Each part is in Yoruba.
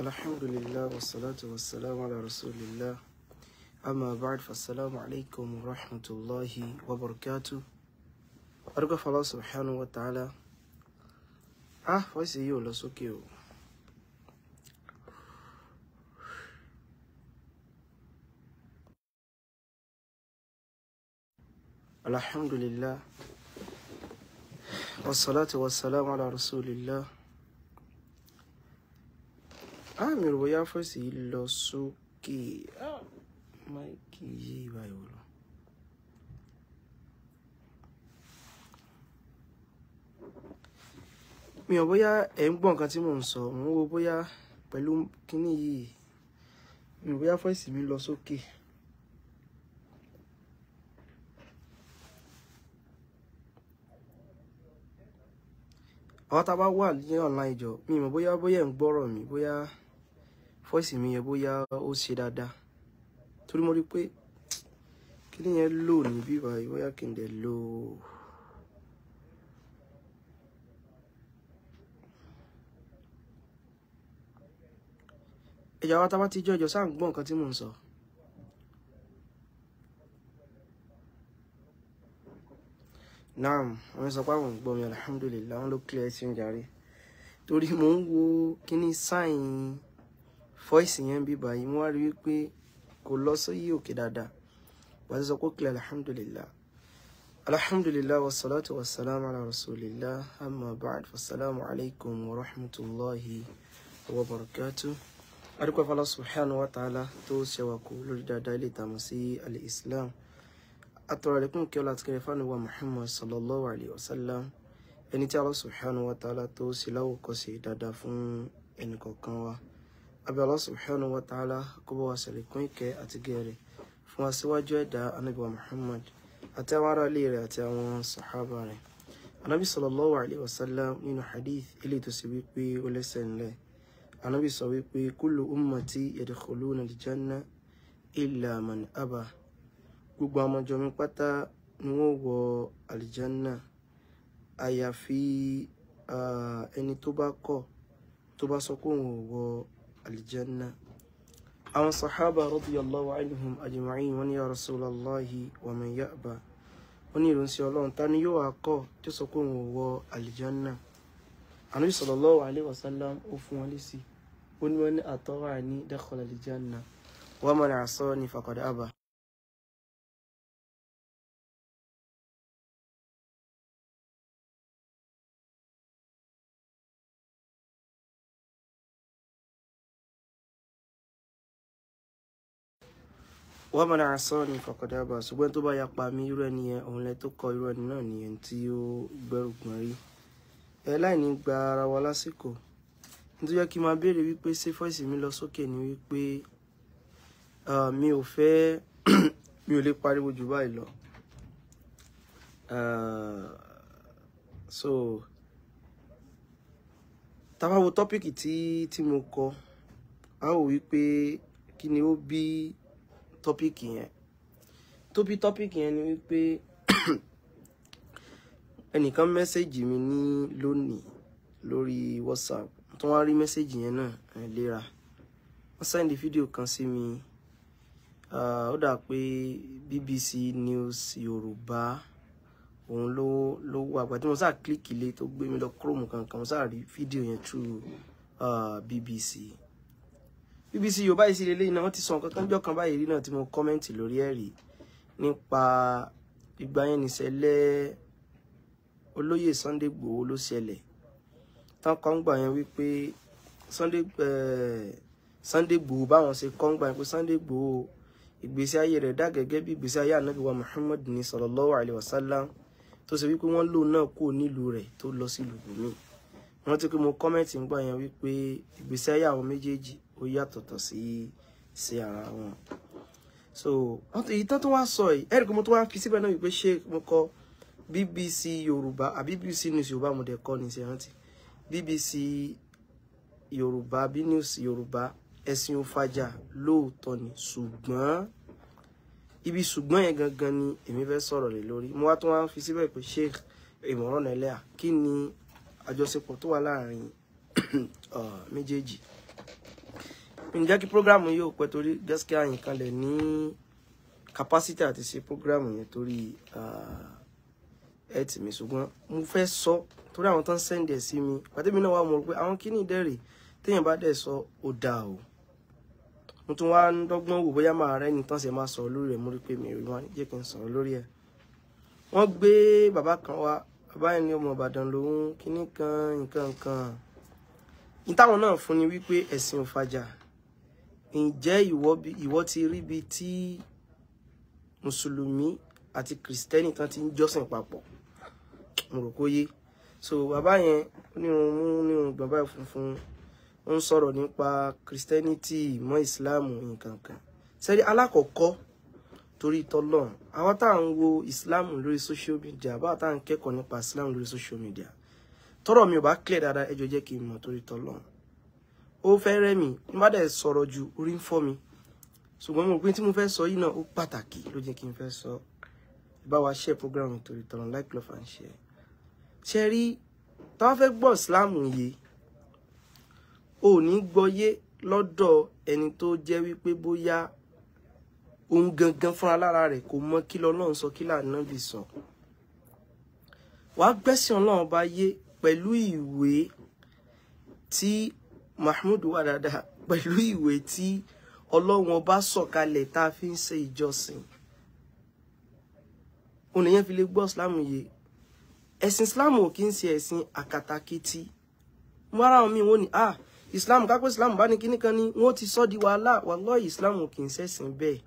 الحمد لله والصلاة والسلام على رسول الله أما بعد فالسلام عليكم ورحمة الله وبركاته أرجو الله سبحانه وتعالى أه voice يولا سوكيو الحمد لله والصلاة والسلام على رسول الله àmì ìròyìn fèsì lọ sókè ah, máìkì yé ìwà ìwòlò. mi ò bóyá ẹ̀ ń gbọ́ nǹkan tí mò ń sọ mò ń wo bóyá pẹ̀lú kínní yìí mi ò bóyá fèsì mi lọ sókè. àwọn tá a bá online jọ mi ò mọ̀ bóyá bóyá ẹ̀ mi Boya voice mi yẹn bóyá ó ṣe dáadáa torí mo rí pé kíní yẹn lò ní bíbá yìí bóyá kí n dẹ̀ lò ó. ẹ̀yà wa tá bá ti jọ ìjọ sáà ń gbọ́ nǹkan tí mò ń sọ. naam wọ́n sọ pé àwọn ń gbọ́ mi alhamdulillah wọ́n ló clear sí ń jarí torí mò ń wo kíní sáìn fọ́ìsì yẹn bí báyìí wọ́n á rí wípé kò lọ sóyè òkè dáadáa wà á sọ pé kílẹ̀ alhamdulillah alhamdulillah wassalatu wassalamu ala rasulillah amma ba'd wassalamu alaykum wa rahmatulahi wa barakatuh adúpẹ́ fọlá subhanahu wa ta'ala tó ṣẹwàkú lórí dáadáa ilé ìtàmọ̀ sí al-islam atọ̀rọ̀lẹ́kùn kí ọlá àtikẹ́rẹ́ fáwọn wa muhammad sallallahu alayhi wa sallam ẹni tí Allah subhanahu wa ta'ala tó ṣe láwòkọ́ṣe dáadáa fún ẹnìkọ̀ọ̀kan wa abẹ́lá subhanahu wa ta'ala kó bá wa ṣàlékún ìkẹ́ àti gẹ̀ẹ́rẹ́ fún aṣíwájú ẹ̀dá anábì wa muhammad àti àwọn ará ilé rẹ̀ àti àwọn sàhábà rẹ̀ anábì sallallahu alayhi wa sallam nínú hadith ilé tó sì wípé ó lẹ́sẹ̀ ńlẹ̀ anábì sọ wípé kullu ummati yadkhuluna al-janna illa man aba gbogbo ọmọjọ mi pátá ni wọ́n wọ àlìjánà àyàfi ẹni tó bá kọ̀ tó bá sọ pé òun ò wọ aljanna àwọn sahaba radiyallahu anhum ajma'in wọ́n ní ya rasulallahi wa man ya'ba wọ́n ní ìrònsí ọlọ́run ta ni yóò wá kọ̀ tí ó sọ pé òun wọ aljanna ànábì sallallahu alaihi wasallam ó fún wọn lésì ó ní wọ́n ní àtọ́wà ní dakhala aljanna wa man asani faqad aba wọ́n mọ̀ náà sọ ní fọkàndàbà ṣùgbọ́n tó bá ya pa mí irú ẹni yẹn òun lẹ tó kọ irú ẹni náà nìyẹn tí ó gbẹrùgbọ̀n rí ẹ láì ní gba ara wa lásìkò nítorí yẹ kí n máa béèrè wípé ṣé fọ́ìsì mi lọ sókè ni wípé mi ò fẹ́ mi ò lè pariwo jù báyìí lọ so táwa wo tọ́pìkì tí tí mo kọ a ó wípé kí ni ó bí. Topic yẹn tó topic tọ́píìkì yẹn ni wípé ẹnìkan mẹ́sẹ̀gì mi ní lónìí lórí whatsapp tó wá rí mẹ́sẹ̀gì yẹn náà ẹ̀ léra wọ́n sẹ́ndì fídíò kan sí mi ó dà pé BBC News Yorùbá òun ló ló wà àgbà tí mo sáà kílíkì lé tó gbé mi lọ chrome kankan mo sáà rí fídíò yẹn through uh, BBC. BBC Yorùbá yìí sí lélẹ́yìn náà wọ́n ti sọ nǹkan kan jọ́ kan báyìí rí náà tí mo kọ́mẹ́ǹtì lórí ẹ̀ rí nípa ìgbà yẹn nìṣẹ̀lẹ̀ olóyè Sunday Igboho ló ṣẹlẹ̀ tán kọ́ ń yẹn wípé Sunday eh, Sunday báwọn ṣe kọ́ yẹn pé Sunday Igboho ìgbésí ayé rẹ̀ dá gẹ́gẹ́ bí ìgbésí ayé ànábì wa Muhammad ní sallallahu alayhi wa sallam tó ṣe wípé wọ́n lò náà kúrò nílùú rẹ̀ tó lọ sí ìlú mi wọ́n ti pé mo kọ́mẹ́ǹtì ń yẹn wípé ìgbésí ayé àwọn méjèèjì ó yàtọ̀tọ̀ sí sí ara wọn so wọn tó ìtàn tó wá sọ yìí ẹ̀rí kò mo tó wá fi síbẹ̀ náà wípé ṣé mo kọ BBC Yorùbá àbí BBC News Yorùbá mo dẹ̀ kọ́ ní ṣe rántí BBC Yorùbá bí News Yorùbá ẹ̀sìn òfàjà lóòótọ́ ni ṣùgbọ́n ibi ṣùgbọ́n yẹn gangan ni èmi fẹ́ sọ̀rọ̀ lé lórí mo wá tó wá fi síbẹ̀ pé Sheikh Imran Eleha kí ni àjọṣepọ̀ tó wà láàrin uh, méjèèjì. Uh, mi jẹ́ kí program yìí ò pẹ́ torí gẹ́sìkì àyìnkalẹ̀ ní capacity àti ṣe program yẹn torí ẹ tì mí ṣùgbọ́n mo fẹ́ sọ torí àwọn tó ń sẹ́ndẹ̀ sí mi pàtẹ́mi náà wà mọ̀ pé àwọn kíní dẹ́rẹ̀ téèyàn bá dẹ̀ sọ ó dáa o mo tún wá ń dọ́gbọ́n wò bóyá máa rẹ́ ni tán ṣe máa sọ̀rọ̀ lórí ẹ̀ mo rí pé mi rí wọn jẹ́ kí n sọ̀rọ̀ lórí ẹ̀ wọ́n gbé bàbá kan wá bàbá yẹn ní ọmọ Ìbàdàn lòun kíní kan nǹkan nǹkan ìtàwọn náà fún ni wípé ẹ̀sìn ò fàjà ǹjẹ́ ìwọ ti rí ibi tí mùsùlùmí àti kìrìsìtẹ́nì tán ti ń jọ́sìn papọ̀ mo so bàbá yẹn onírun mú onírun bàbá funfun ó ń sọ̀rọ̀ nípa kìrìsìtẹ́nìtì mọ́ ìsìláàmù nǹkan kan sẹ́rí alákọ̀ọ́kọ́ torí tọ́lọ́run àwọn tá à ń wo ìsìláàmù lórí social media báwa tá à ń kẹ́kọ̀ọ́ nípa ìsìláàmù lórí social media tọ́rọ̀ mi ò bá clear dáadáa ẹ jọ̀ọ́ kí n mọ̀ torí tọ́lọ́run ó fẹ́ rẹ́ mi ní má dẹ̀ sọ̀rọ̀ ju orí ń fọ́ mi ṣùgbọ́n mo rò pé tí mo fẹ́ sọ yìí náà ó pàtàkì ló jẹ́ kí n fẹ́ sọ bá wa share program nítorí tọrọ like love and share ṣe rí táwọn fẹ́ gbọ́ Islam yé ò ní lodo lọ́dọ̀ ẹni tó jẹ́ wípé bóyá òun gangan fúnra lára rẹ̀ kò mọ kí lọ́lọ́run sọ kí lànà bì sọ wàá gbẹ́sìn ọlọ́run bá yé pẹ̀lú ìwé tí mahmood wà dáadáa pẹ̀lú ìwé tí ọlọ́run ọba sọ̀kalẹ̀ tá a fi ń ṣe ìjọsìn ònìyàn fi lè gbọ́ islam yìí ẹ̀sìn islam ò kí ń ṣe ẹ̀sìn àkàtàkìtì mo ara wọn mi wọ́n ní ah islam kápẹ́ islam bá ní kíní kan ní wọ́n ti sọ́ di wàhálà wallahi islam ò kì í ṣẹ̀sìn bẹ́ẹ̀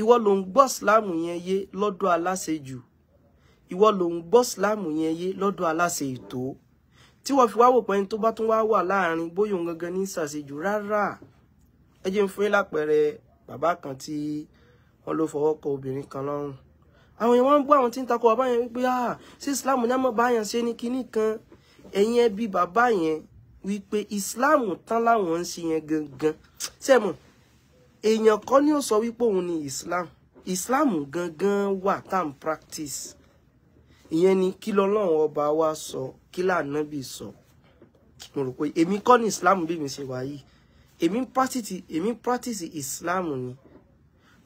ìwọ ló ń gbọ́ islam yẹn yé lọ́dọ̀ aláṣejù ìwọ ló ń gbọ́ islam yẹn yé lọ́dọ̀ aláṣe ètò tí wọ́n fi wá wò pé ẹni tó bá tún wá wà láàrin bóyá òun gangan ní ṣàṣejù rárá ẹ jẹ́ ń fún yín lápẹẹrẹ bàbá kan tí wọ́n ló fọwọ́ kọ obìnrin kan lọ́rùn àwọn èèyàn wọn gbọ́ àwọn tí ń takò bàbá yẹn wípé ah sí Islam ní àmọ́ báyàn ṣe ní kinní kan ẹ̀yin ẹbí bàbá yẹn wípé Islam tán láwọn ń ṣe yẹn gangan sẹ́mọ̀ èèyàn kọ́ ni ó sọ wípé òun ni Islam Islam gangan wà tá à ń practice ìyẹn ni kí lọ́lọ́run ọba wa sọ kí lànàbì sọ mo rò pé èmi kọ́ ni islam bí mi ṣe wà yìí èmi practice èmi practice islam ni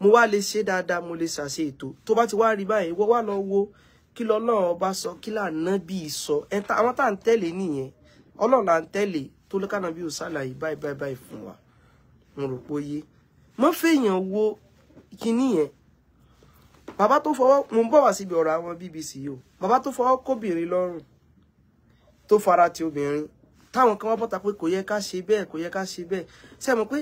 mo wá lè ṣe dáadáa mo lè ṣàṣe ètò tó bá ti wá rí báyìí wọ́n wá lọ wo kí lọ́lọ́run ọba sọ kí lànàbì sọ àwọn tá à ń tẹ̀lé nìyẹn ọlọ́run là ń tẹ̀lé tó lọ́kànnà bí ò ṣàlàyé báyìí báyìí fún wa mo rò pé ó yé mọ́ fèèyàn wo kinní yẹn Baba tó fọwọ́ mo ń bọ̀ wá síbi ọ̀rọ̀ àwọn BBC yìí o bàbá tó fọwọ́ kóbìnrin lọ́rùn tó fara ti obìnrin táwọn kan wọ́n bọ́ta pé kò yẹ ká ṣe bẹ́ẹ̀ kò yẹ ká ṣe bẹ́ẹ̀ ṣe mọ̀ pé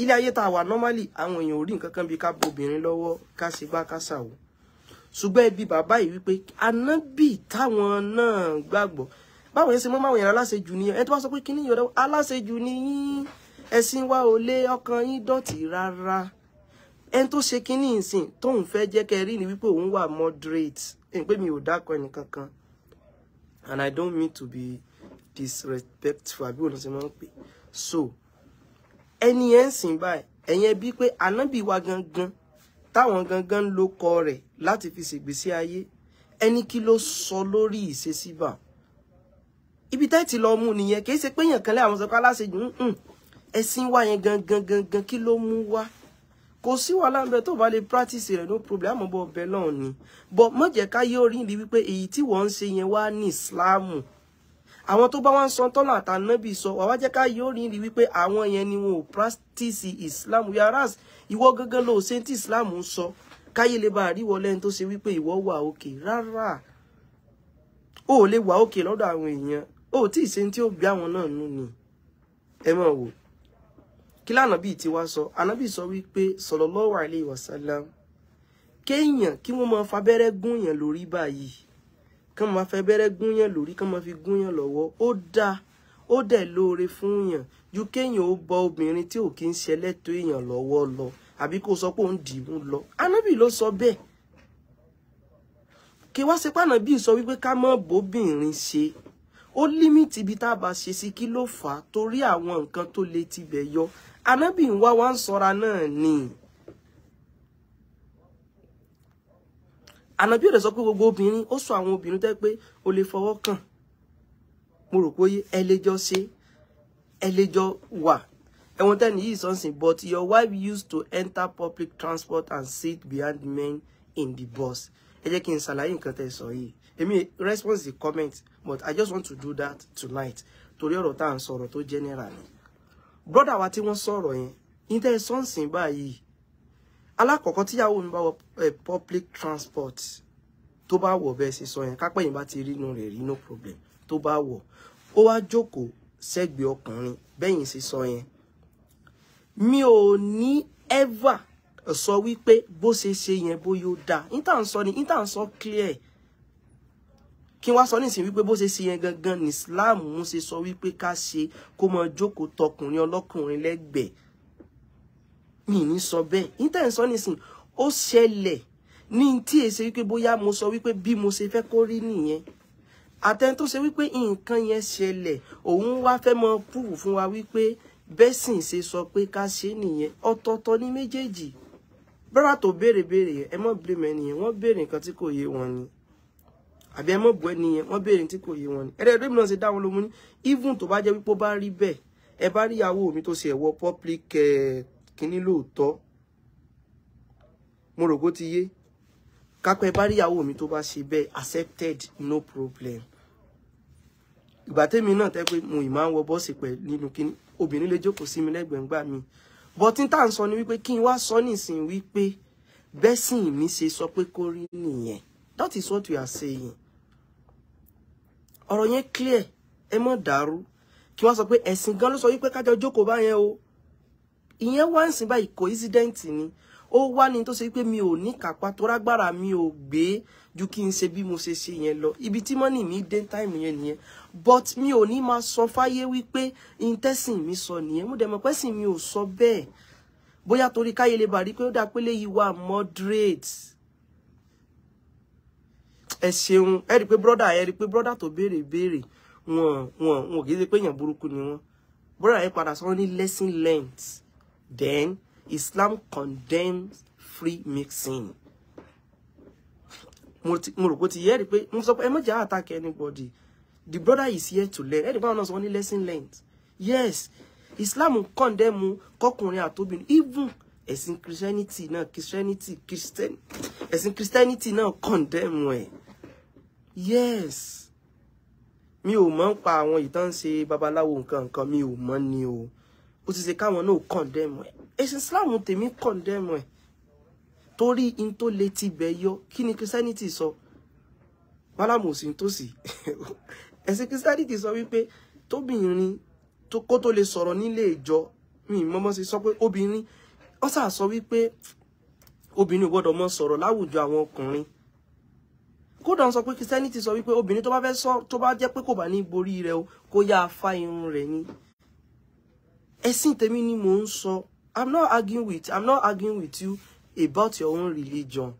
ilé ayé tá a normally àwọn èèyàn ò rí nǹkan kan bí ká bo obìnrin lọ́wọ́ ká ṣe gbá ká ṣàwò ṣùgbọ́n ibi bàbá yìí wípé anábì táwọn se gbàgbọ́ báwo yẹn ṣe mọ́ máwọn èèyàn aláṣejù nìyẹn ẹ tó bá sọ pé kíní yọ̀dọ̀ aláṣejù ni yín ẹ̀sìn wa ò lé ọkàn yín dọ̀tí ẹni tó ṣe kínní ìsìn tóun fẹ́ jẹ́ kẹ́ rí ni wípé òun wà moderate ẹni pé mi ò dákọ ẹnì kankan and i don't mean to be disrespectful àbí òun ṣe máa ń pè so ẹni yẹn ń sìn báyìí ẹ̀yìn ẹbí pé ànábì wa gangan táwọn gangan ń lo kọ rẹ̀ láti fi ṣègbésí ayé ẹni kí ló sọ lórí ìṣesí bá ibi tẹ́ ti lọ mú nìyẹn kì í ṣe pé èèyàn kan lé àwọn sọ pé aláṣejù ń ẹ̀sìn wa yẹn gangan gangan kí ló mú wá kò sí wàhálà ń bẹ tó bá lè practice rẹ no problem àmọ́ bọ ọbẹ náà ni bọ mọ jẹ ká yóò rí ibi wípé èyí tí wọ́n ń ṣe yẹn wá ní ìsìláàmù àwọn tó bá wá ń san tọ́nà àtànábì sọ wà wá jẹ́ ká yóò rí ibi wípé àwọn yẹn ni wọn ò practice ìsìláàmù yàrá ìwọ gángan ló ṣe tí ìsìláàmù ń sọ káyé lè bá àríwọ lẹ́ni tó ṣe wípé ìwọ wà òkè rárá o lè wà òkè lọ́dọ̀ àwọn èèyàn o ò tí ì ṣe tí ó bí àwọn náà nù ni ẹ máa wò kí lànàbí ti wá sọ ànàbí sọ wípé sallallahu alaihi wasallam kéèyàn kí wọ́n máa fabẹ́rẹ́ gúnyàn lórí báyìí kán máa fabẹ́rẹ́ gúnyàn lórí kán máa fi gúnyàn lọ́wọ́ ó dáa ó dẹ̀ lóore fún yàn ju kéèyàn ó bọ obìnrin tí ò kí ń ṣẹlẹ́tọ̀ èèyàn lọ́wọ́ lọ àbí kó sọ pé òun dìímú lọ ànàbí ló sọ bẹ́ẹ̀ kí wá ṣe pànàbí sọ wípé ká má bóbìnrin ṣe ó límìtì ibi tá a bá ṣe sí kí ló fà á torí àwọn nǹkan tó le tibẹ̀ yọ anábì ń wá wá ń sọ́ra ni anábì ò lè sọ pé gbogbo obìnrin ó sọ àwọn obìnrin tẹ́ pé o lè fọwọ́ kàn mo rò pé ẹ lè jọ ṣe ẹ lè jọ wà ẹ̀wọ̀n tẹ́ni yìí sọ́nsìn but your wife used to enter public transport and sit behind men in the bus ẹ jẹ́ kí n ṣàlàyé nǹkan tẹ́ sọ yìí èmi response the comment but I just want to do that tonight torí ọ̀rọ̀ tá à ń sọ̀rọ̀ tó general ni. Brother, wa tí wọ́n sọ̀rọ̀ yẹn níta ẹ̀sọ́ ń sìn báyìí ti tíyàwó mi bá eh, public transport tó wo wọ̀ bẹ́ẹ̀ sì sọ yẹn kápẹ́ yìí bá ti rí inú no problem tó wo. wọ̀ ó wá jókòó sẹ́gbẹ̀ẹ́ ọkùnrin bẹ́yìn sì sọ yẹn mi ò ní ever sọ wípé bó ṣe ṣe yẹn bóyá ó dáa níta ń sọ ni níta ń sọ clear kí wá sọ nísìnyí wípé bó ṣe ṣe yẹn gangan ní Islam ṣe sọ wípé ká ṣe kó mọ jókòó tọkùnrin ọlọ́kùnrin lẹ́gbẹ̀ẹ́ mi ní sọ bẹ́ẹ̀ níta ìsọ nísìn ó ṣẹlẹ̀ ní tí èsè wípé bóyá mo sọ wípé bí mo ṣe fẹ́ kó rí nìyẹn àtẹni tó ṣe wípé nǹkan yẹn ṣẹlẹ̀ òun wá fẹ́ mọ púrù fún wa wípé bẹ́sìn ṣe sọ pé ká ṣe nìyẹn ọ̀tọ̀ọ̀tọ̀ ní méjèèjì bọ́ra tó béèrè béèrè ẹ mọ́ blame ẹnìyẹn wọ́n béèrè nǹkan tí kò yé wọn ni àbí ẹ mọ̀ bọ́ ẹni yẹn wọ́n béèrè tí kò yé wọn ni ẹ̀rẹ́ ìdómìnà ṣe dá lómú ní even tó bá jẹ́ wípé ó bá rí bẹ́ẹ̀ ẹ bá rí ìyàwó mi tó ṣe ẹ̀wọ́ public kínní lóòótọ́ mo rò kó ti yé kápẹ́ ẹ bá rí ìyàwó mi tó bá ṣe bẹ́ẹ̀ accepted no problem ìgbà tèmi náà tẹ́ pé mo ì máa ń wọ bọ́ọ̀sì pẹ̀ nínú kínní obìnrin lè jókòó sí mi lẹ́gbẹ̀ẹ́ ńgbà mi bọ́tí tá à ń sọ ni wípé kí n wá sọ nísìnyí wípé bẹ́sìn mi ṣe sọ pé kó rí nìyẹn that is what we are saying ọ̀rọ̀ yẹn clear ẹ mọ̀ dàrú kí wọ́n sọ pé ẹ̀sìn gan ló sọ wípé kájọ jókòó báyẹn o ìyẹn wá ń sìn báyìí coincident ni ó wá ní tó ṣe pé mi ò ní kápá tó rágbára mi ò gbé ju kí n ṣe bí mo ṣe ṣe yẹn lọ ibi tí mọ́nì mi dé táìmù yẹn nìyẹn but mi ò ní máa sọ fáyé wípé intẹ́sìn mi sọ nìyẹn mo dẹ̀ mọ̀ pẹ́sìn mi ò sọ bẹ́ẹ̀ bóyá torí káyé lè bàrí pé ó dá pélé yìí wà moderate ẹ ṣeun ẹ rí i pé brọ́dà ẹ rí i pé brọ́dà tó béèrè béèrè wọn wọn wọn kì í ṣe pé èèyàn burúkú ni wọn brọ́dà yẹn padà sọ wọn ní lesson learned then Islam condemns free mixing mo rò pé ti yẹ́ rí i pé mo sọ pé ẹ má jà attack anybody the brother is here to learn ẹ rí i náà sọ wọn ní lesson learned yes Islam condemn kọkùnrin àtobìnrin even ẹ̀sìn christianity náà christianity christian ẹ̀sìn christianity náà condemn ẹ̀ yes mi ò mọ̀ ń pa àwọn ìtàn ṣe babaláwo nǹkan nǹkan mi ò mọ̀ ni o ó ti ṣe káwọn náà kọ̀ndẹ́mù ẹ̀ ẹ̀sìn Islam tèmi kọ̀ndẹ́mù ẹ̀ torí in tó le ti bẹ̀ yọ kí ni Christianity sọ málàmù ò sí tòsí ẹ̀sìn Christianity sọ wípé tóbìnrin kó tó lè sọ̀rọ̀ nílé ìjọ mi mọ́mọ́ sí sọ pé obìnrin ó sà sọ wípé obìnrin ò gbọ́dọ̀ mọ́ sọ̀rọ̀ láwùjọ àwọn ọkùnrin kódà ń sọ pé Christianity sọ wípé obìnrin tó bá fẹ́ sọ tó bá jẹ́ pé kò bá ní borí rẹ̀ o kó yá afá irun rẹ̀ ni ẹ̀sìn tèmi ni mò ń sọ i'm not arguing with i'm not arguing with you about your own religion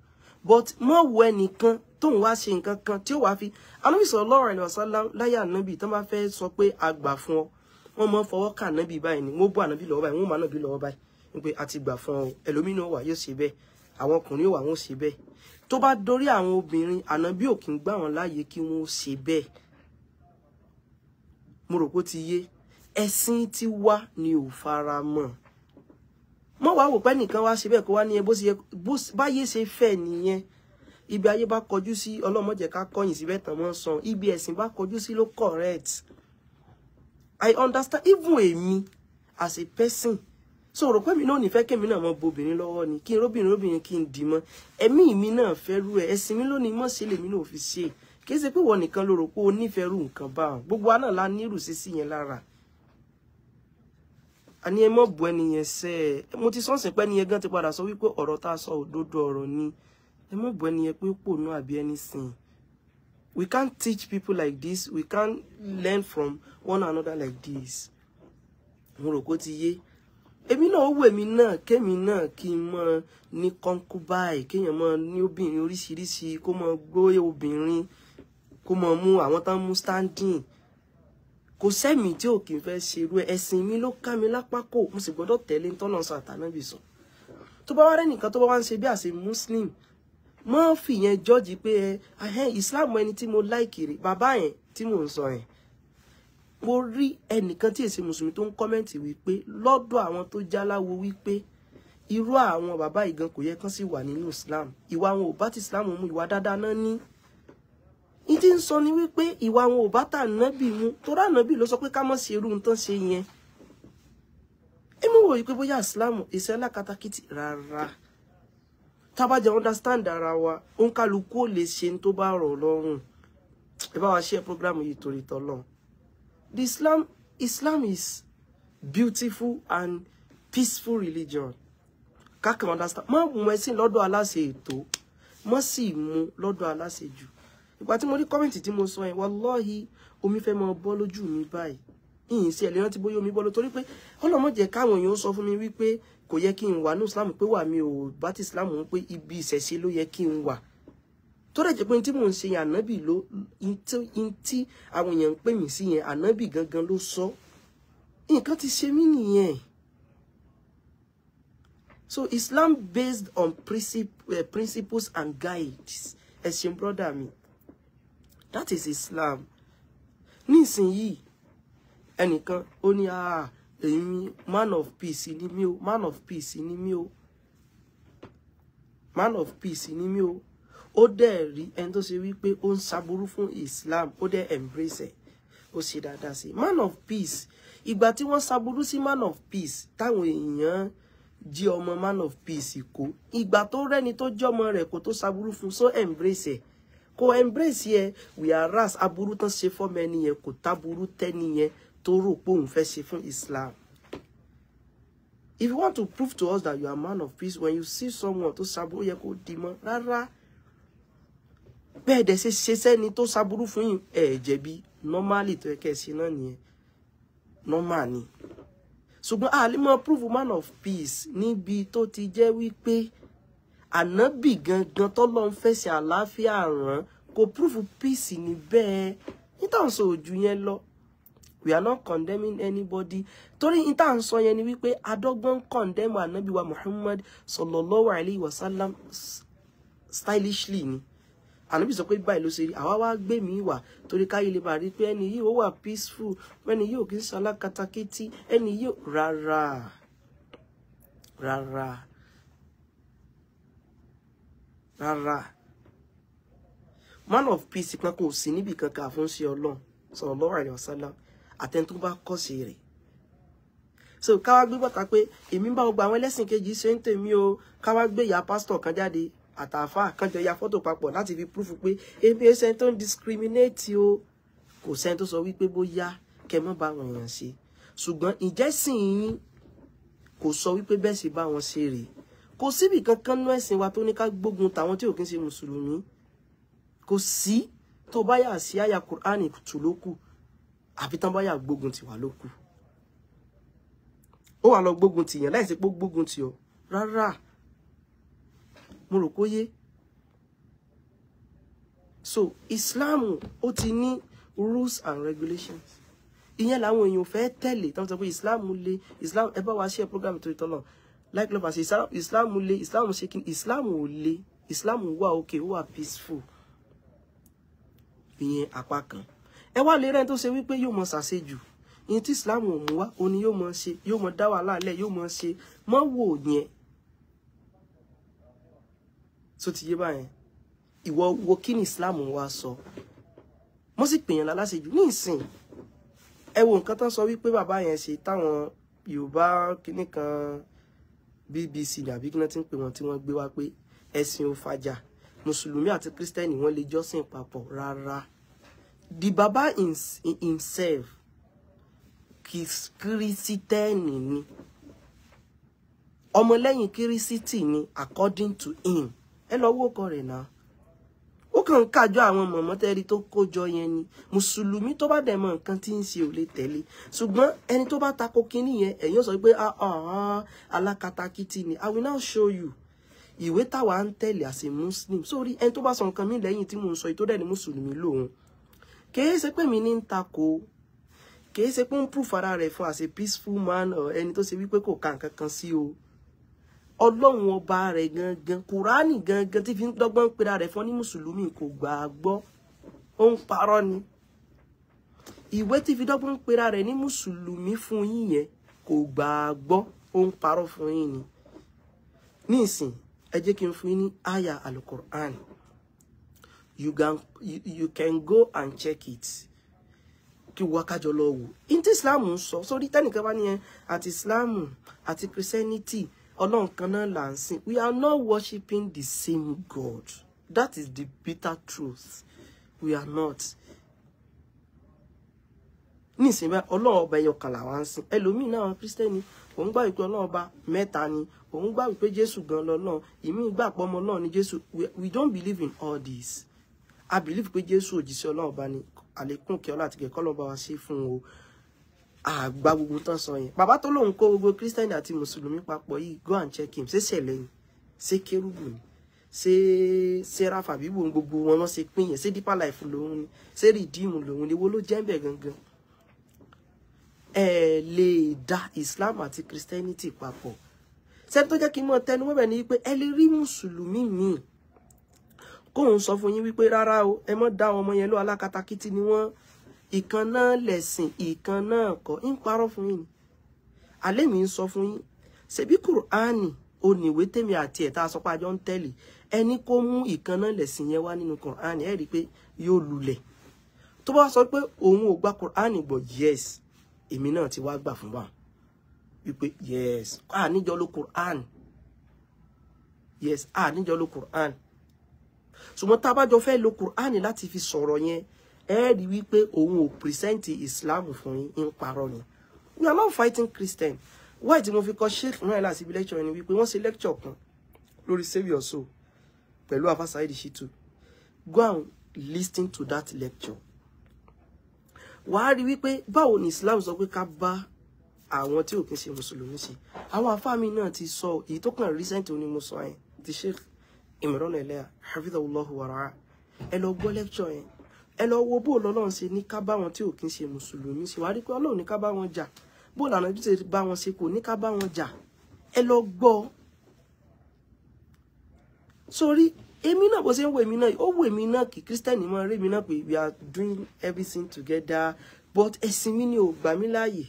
but mọ wo ẹnìkan tóun wá ṣe nǹkan kan tí ó wàá fi Ànábì sallallahu alaihi wasallam láyé Ànábì tó máa fẹ́ sọ pé àgbà fún ọ wọn mọ fọwọ́ kà Ànábì báyìí ni wọn bọ Ànábì lọ́wọ́ báyìí wọn mọ Ànábì lọ́wọ́ báyìí wípé àti gbà fún ọ ẹlòmínú wà yóò ṣe bẹ́ẹ̀ àwọn ọkùnrin wà wọn ṣe bẹ́ẹ̀ tó bá dorí àwọn obìnrin ànábì ò kì í gbà wọ́n láàyè kí wọ́n ó ṣe bẹ́ẹ̀ mo rò pé ó ti yé ẹ̀sìn ti wá ni ò fara mọ́ mọ wàá wò pé nìkan wá ṣe bẹ́ẹ̀ kó wá ní ẹ bó ṣe yẹ báyé ṣe fẹ́ nìyẹn ibi ayé bá kọjú sí ọlọmọjẹ ká kọ̀yìn síbẹ̀ tán mọ sàn ibi ẹ̀sìn bá kọjú sí ló correct i understand even èmi as a person so rò pé mi náà nífẹ̀ẹ́ kémi náà mọ bobìnrin lọ́wọ́ ni kí n róbìnrin róbìnrin kí n dì ẹ̀mí mi náà fẹ́ rú ẹ̀sìn mi lónìí mọ̀ sí lèmi náà fi ṣe kì í ṣe pé wọ́n nìkan ló rò pé o nǹkan bá wọn gbogbo wa náà la nírù sí sí yẹn lára àní ẹ mọ̀ bu ẹni yẹn sẹ́ ẹ mo ti sọ́ọ̀sìn pé ẹni yẹn gan ti padà sọ wípé ọ̀rọ̀ tá a sọ òdodo ọ̀rọ̀ ni ẹ mọ̀ bu ẹni yẹn pé pònú àbí ẹni sìn we can't teach people like this we can't learn from one another like this mo rò kó ti yé èmi náà wù èmi náà kémi náà kí n mọ ní concubine kéèyàn mọ ní obìnrin oríṣiríṣi kó mọ gbóyè obìnrin kó mọ mú àwọn tán mú standing kò sẹ́mi tí ò kì í fẹ́ ṣerú ẹ ẹ̀sìn mi ló ká mi lápákò mo sì gbọ́dọ̀ tẹ̀lé ń tọ́nà sọ àtànábì sọ tó bá wá rẹ́nìkan tó bá wá ń ṣe bí àṣẹ muslim mọ́ fìyẹn jọ́ọ̀jì pé ẹ Islam ẹni tí mo láìkiri bàbá yẹn tí mò ń sọ yẹn mo rí ẹnìkan tí èsì mùsùlùmí tó ń kọ́mẹ́ǹtì wípé lọ́dọ̀ àwọn tó jáláwo wípé irú àwọn bàbá ìgan kò yẹ kán sì wà nínú Islam ìwà wọn ò bá ti Islam mu ìwà dáadáa náà ní ní tí ń sọ ni wípé ìwà wọn ò bá tà nábì mu torá nábì ló sọ pé ká má ṣe irú nǹkan ṣe yẹn èmi wò yí pé bóyá Islam ìṣẹ́ alákatakítì rárá tá bá jẹ understand ara wa òǹkàlùkù ò lè ṣe ní tó bá rọ̀ lọ́rùn ẹ bá wa ṣe program yìí torí tọ́lọ́run The Islam, Islam is beautiful and peaceful religion. Ká kàn understand. Má mú ẹ̀sìn lọ́dọ̀ aláṣẹ ètò. Má sì mú lọ́dọ̀ aláṣẹ jù. Ìgbà tí mo rí kọ́mẹ̀ntì tí mo sọ yẹn, wàláhì omi fẹ́ máa bọ́ lójú mi báyìí. Ìyìn sí ẹ̀lẹ́rántí bóyá omi bọ́ lọ torí pé ọlọ́mọ jẹ́ káwọn èèyàn sọ fún mi wípé kò yẹ kí n wà ní Islam pé wà mí ò bá ti Islam mú pé ibi ìṣẹ̀ṣe ló yẹ kí n wà tó dẹ̀ jẹ́ pé tí mò ń ṣe yẹn ànábì ló in tí àwọn èèyàn ń pè mí sí yẹn ànábì gangan ló sọ nǹkan ti ṣe mí nìyẹn so Islam based on principle, uh, principles and guides ẹ ṣeun brother mi that is Islam nísìnyìí ẹnìkan ó ní àà ah, èmi man of peace ni mí o man of peace ni mí o man of peace ni mí o ó dẹ̀ rí ẹni tó ṣe wípé ó ń ṣaburú fún Islam ó dẹ̀ embrace ẹ̀ ó ṣe dáadáa sí man of peace ìgbà tí wọ́n ṣaburú sí man of peace táwọn èèyàn jí ọmọ man of peace kó ìgbà tó rẹ́ni tó jọmọ rẹ̀ kó tó ṣaburú fún so embrace ẹ̀ kò embrace ẹ̀ whereas aburú tán ṣe fọ́mọ ẹni yẹn kò táburú tẹ́ni yẹn tó rò pé òun fẹ́ ṣe fún Islam if you want to prove to us that you are man of peace when you see someone tó ṣaburú yẹ kó dìmọ́ rárá bẹ́ẹ̀ dẹ̀ ṣe ṣe sẹ́ni tó ṣaburú fún yín ẹ̀ jẹ̀bi normally tó yẹ kẹ́ ẹ ṣe náà nìyẹn normal ni ṣùgbọ́n àlímọ̀ prove man of peace níbi tó ti jẹ́ wípé ànábì gangan tọ́lọ́ ń fẹ̀sìn àlàáfíà ràn kò prove peace ní bẹ́ẹ̀ nítàǹsọ òjú yẹn lọ we are not condemning anybody torí nítàǹsọ yẹn ni wípé adọ́gbọ́n condemn ànábì wa Muhammad sallallahu alayhi wa sallam stylishly ni ànábì sọ pé báyìí ló ṣe rí àwa wá gbé mi wà torí káyé lè bá rí pé ẹni yìí ó wà peaceful ẹni yìí ò kí ń ṣe alákatakítí ẹni yìí rárá rárá rárá man of peace kan kò sí níbi kankan àfúnṣe Ọlọ́run sallallahu alaihi wasallam àtẹni tó bá kọ sí rẹ̀ so káwá gbé bàtà pé èmi bá gbogbo àwọn ẹlẹ́sìn kejì ṣe ń tèmi o káwá gbé ìyá pásítọ̀ kan jáde àtàfà kánjọ ya fọ́tò papọ̀ láti fi púrúfù pé èmi ẹ sẹ́ni tó ń discriminate o kò sẹ́ni tó sọ wípé bóyá kẹ mọ́ bá wọn yàn ṣe ṣùgbọ́n ìjẹ́sìn yín kò sọ wípé bẹ́ẹ̀ sì bá wọn ṣe rèé kò síbì kankan nú ẹ̀sìn wa tó ní ká gbógun tàwọn tí ò kí ń ṣe mùsùlùmí kò sí tó bá yà sí àyà kùránì tù ló kù àfi tán bá yà gbógun tiwa ló kù ó wà lọ gbógun tìyàn láìsí pé gbógun tì rárá mo so islam ó ti ní rules and regulations ìyẹn làwọn èèyàn fẹ́ tẹ̀lé tí wọ́n sọ pé islam le islam ẹ bá wa ṣe program tó ìtọ́nà like lọ́ba ṣe islam le islam ṣe kí islam ò le islam wà òkè ó wà peaceful ìyẹn apá kan ẹ wá lè rẹ́ni tó ṣe wípé yóò mọ ṣàṣejù ìyẹn tí islam ò mú wá òun ni yóò mọ ṣe yóò mọ dá wàhálà lẹ̀ yóò mọ ṣe mọ́ wò yẹn tó ti yé báyẹn ìwọ wo kí ni Islam wa sọ wọ́n sì pèèyàn láláṣejù ní ìsìn ẹ wo nǹkan tán sọ wípé bàbá yẹn ṣe táwọn Yorùbá kínní kan BBC àbí kí wọ́n ti ń pè wọ́n tí wọ́n gbé wá pé ẹ̀sìn ò fàjà mùsùlùmí àti kírísítẹ́nì wọ́n lè jọ́sìn papọ̀ rárá the baba himself kírísítẹ́nì ni ọmọlẹ́yìn kírísítì ni according to him ẹ lọ wó kọ rẹ̀ náà ó kàn ń kájọ àwọn mọ̀mọ́tẹ́rí tó kójọ yẹn ni mùsùlùmí tó bá dẹ̀ mọ nǹkan tí ń ṣe ò lè tẹ̀lé ṣùgbọ́n ẹni tó bá tako kínní yẹn ẹ̀yin sọ pé ah, ah, ah, alákatakítí ni I will now show you ìwé táwa ń tẹ̀lé àṣẹ muslim sórí ẹni tó bá sọ nǹkan mi lẹ́yìn tí mò ń sọ yìí tó dẹ̀ ní mùsùlùmí lòun kìí ṣe pé mi ní ń tako kìí ṣe pé ń proof ara rẹ̀ fún àṣẹ peaceful man ẹni tó ṣe wípé kò ka nǹkan kan sí o ọlọ́run ọba rẹ̀ gangan kùránì gangan tí fi ń dọ́gbọ́n pera rẹ̀ fún ní mùsùlùmí kò gbàgbọ́ ó ń parọ́ ni ìwé tí fi dọ́gbọ́n pera rẹ̀ ní mùsùlùmí fún yín yẹn kò gbàgbọ́ ó ń parọ́ fún yín ni nísìn ẹ jẹ́ kí n fún yín ní àyà alukur'an you can, you, you can go and check it kí wọ́n kájọ lọ wò ní tí islam ń sọ sórí tẹ́nìkan bá ní ẹ àti islam àti christianity ọlọ́run kan náà là we are not worshiping the same God that is the bitter truth we are not nísìnyí ọlọ́run ọba ẹyọ kan làwa ń sìn na náà àwọn kírísítẹ́nì òun gbà wípé ọlọ́run ọba mẹ́ta ni òun gbà wípé jésù gan lọ́lọ́run ìmí gbà pọ́ ọmọ náà ni jésù we don't believe in all this i believe pé jésù òjíṣẹ́ ọlọ́run ọba ni àlékún kí ọlá àtìkẹ́ kọ́ lọ́ba wa ṣe fún o àgbà gbogbo tán sọ yẹn bàbá tó lóun kó gbogbo kírísítẹ́nì àti mùsùlùmí papọ̀ yìí go and check him ṣé ṣẹlẹ̀ ni ṣé kérúbù ni ṣé seraph àbíbò gbogbo wọn wọn ṣe pín yẹn ṣé deeper life lòun ni ṣé rìdíìmù lòun ni wo ló jẹ́ bẹ̀ gangan ẹ lè da Islam àti christianity papọ̀ sẹ́ni tó jẹ́ kí n mọ̀ tẹnu mọ́bẹ̀ ni wípé ẹ lè rí mùsùlùmí míì kóun sọ fún yín wípé rárá o ẹ mọ́ dá ọmọ yẹn lọ alákatakítí ni wọ́n ìkan náà lẹ̀sìn ìkan náà kọ́ ń parọ́ fún yín alẹ́ mi ń sọ fún yín ṣebí kùránì oníwé tèmi àti ẹ̀ta àsọpájọ ń tẹ̀lé ẹni kó mú ìkan náà lẹ̀sìn yẹn wá nínú kùránì ẹ̀ rí i pé yóò lulẹ̀ tó bá sọ pé òun ò gba kùránì gbọ́ yes èmi náà ti wá gbà fún wa wípé yes àníjọ ló kùránì yes àníjọ ló kùránì ṣùgbọ́n tá a bá jọ fẹ́ lo kùránì láti fi sọ̀rọ̀ yẹn ẹ rí wípé òun ò pírísẹ́ǹtì Islam fún yín ń parọ́ ni we are not fighting Christian why tí mo fi kọ Sheikh Ibrahim láti ibi lecture ni wípé wọ́n ṣe lecture kan lórí save your soul pẹ̀lú Alfa Saheed Shittu go and listen to that lecture wàá rí wípé báwo ni Islam sọ pé ká bá àwọn tí ò kí ń ṣe mùsùlùmí ṣe àwọn afáàmì náà ti sọ èyí tó kàn recent òní mo sọ yẹn ti Sheikh Imran Eleha hafidhahullahu wàrà ẹ lọ gbọ́ lecture yẹn ẹ lọ wo bó lọ́lọ́run ṣe ní ká bá wọn tí ò ṣe mùsùlùmí ṣe wàá rí pé ọlọ́run ní ká bá wọn jà bó lànà bí bá wọn ṣe kò ní ká bá wọn jà ẹ lọ gbọ́ sórí èmi náà bó ṣe ń wo èmi náà ó wo èmi náà kì kírísítẹ́nì máa rí èmi náà pé we are doing everything together but ẹ̀sìn mi ni ò gbà mí láàyè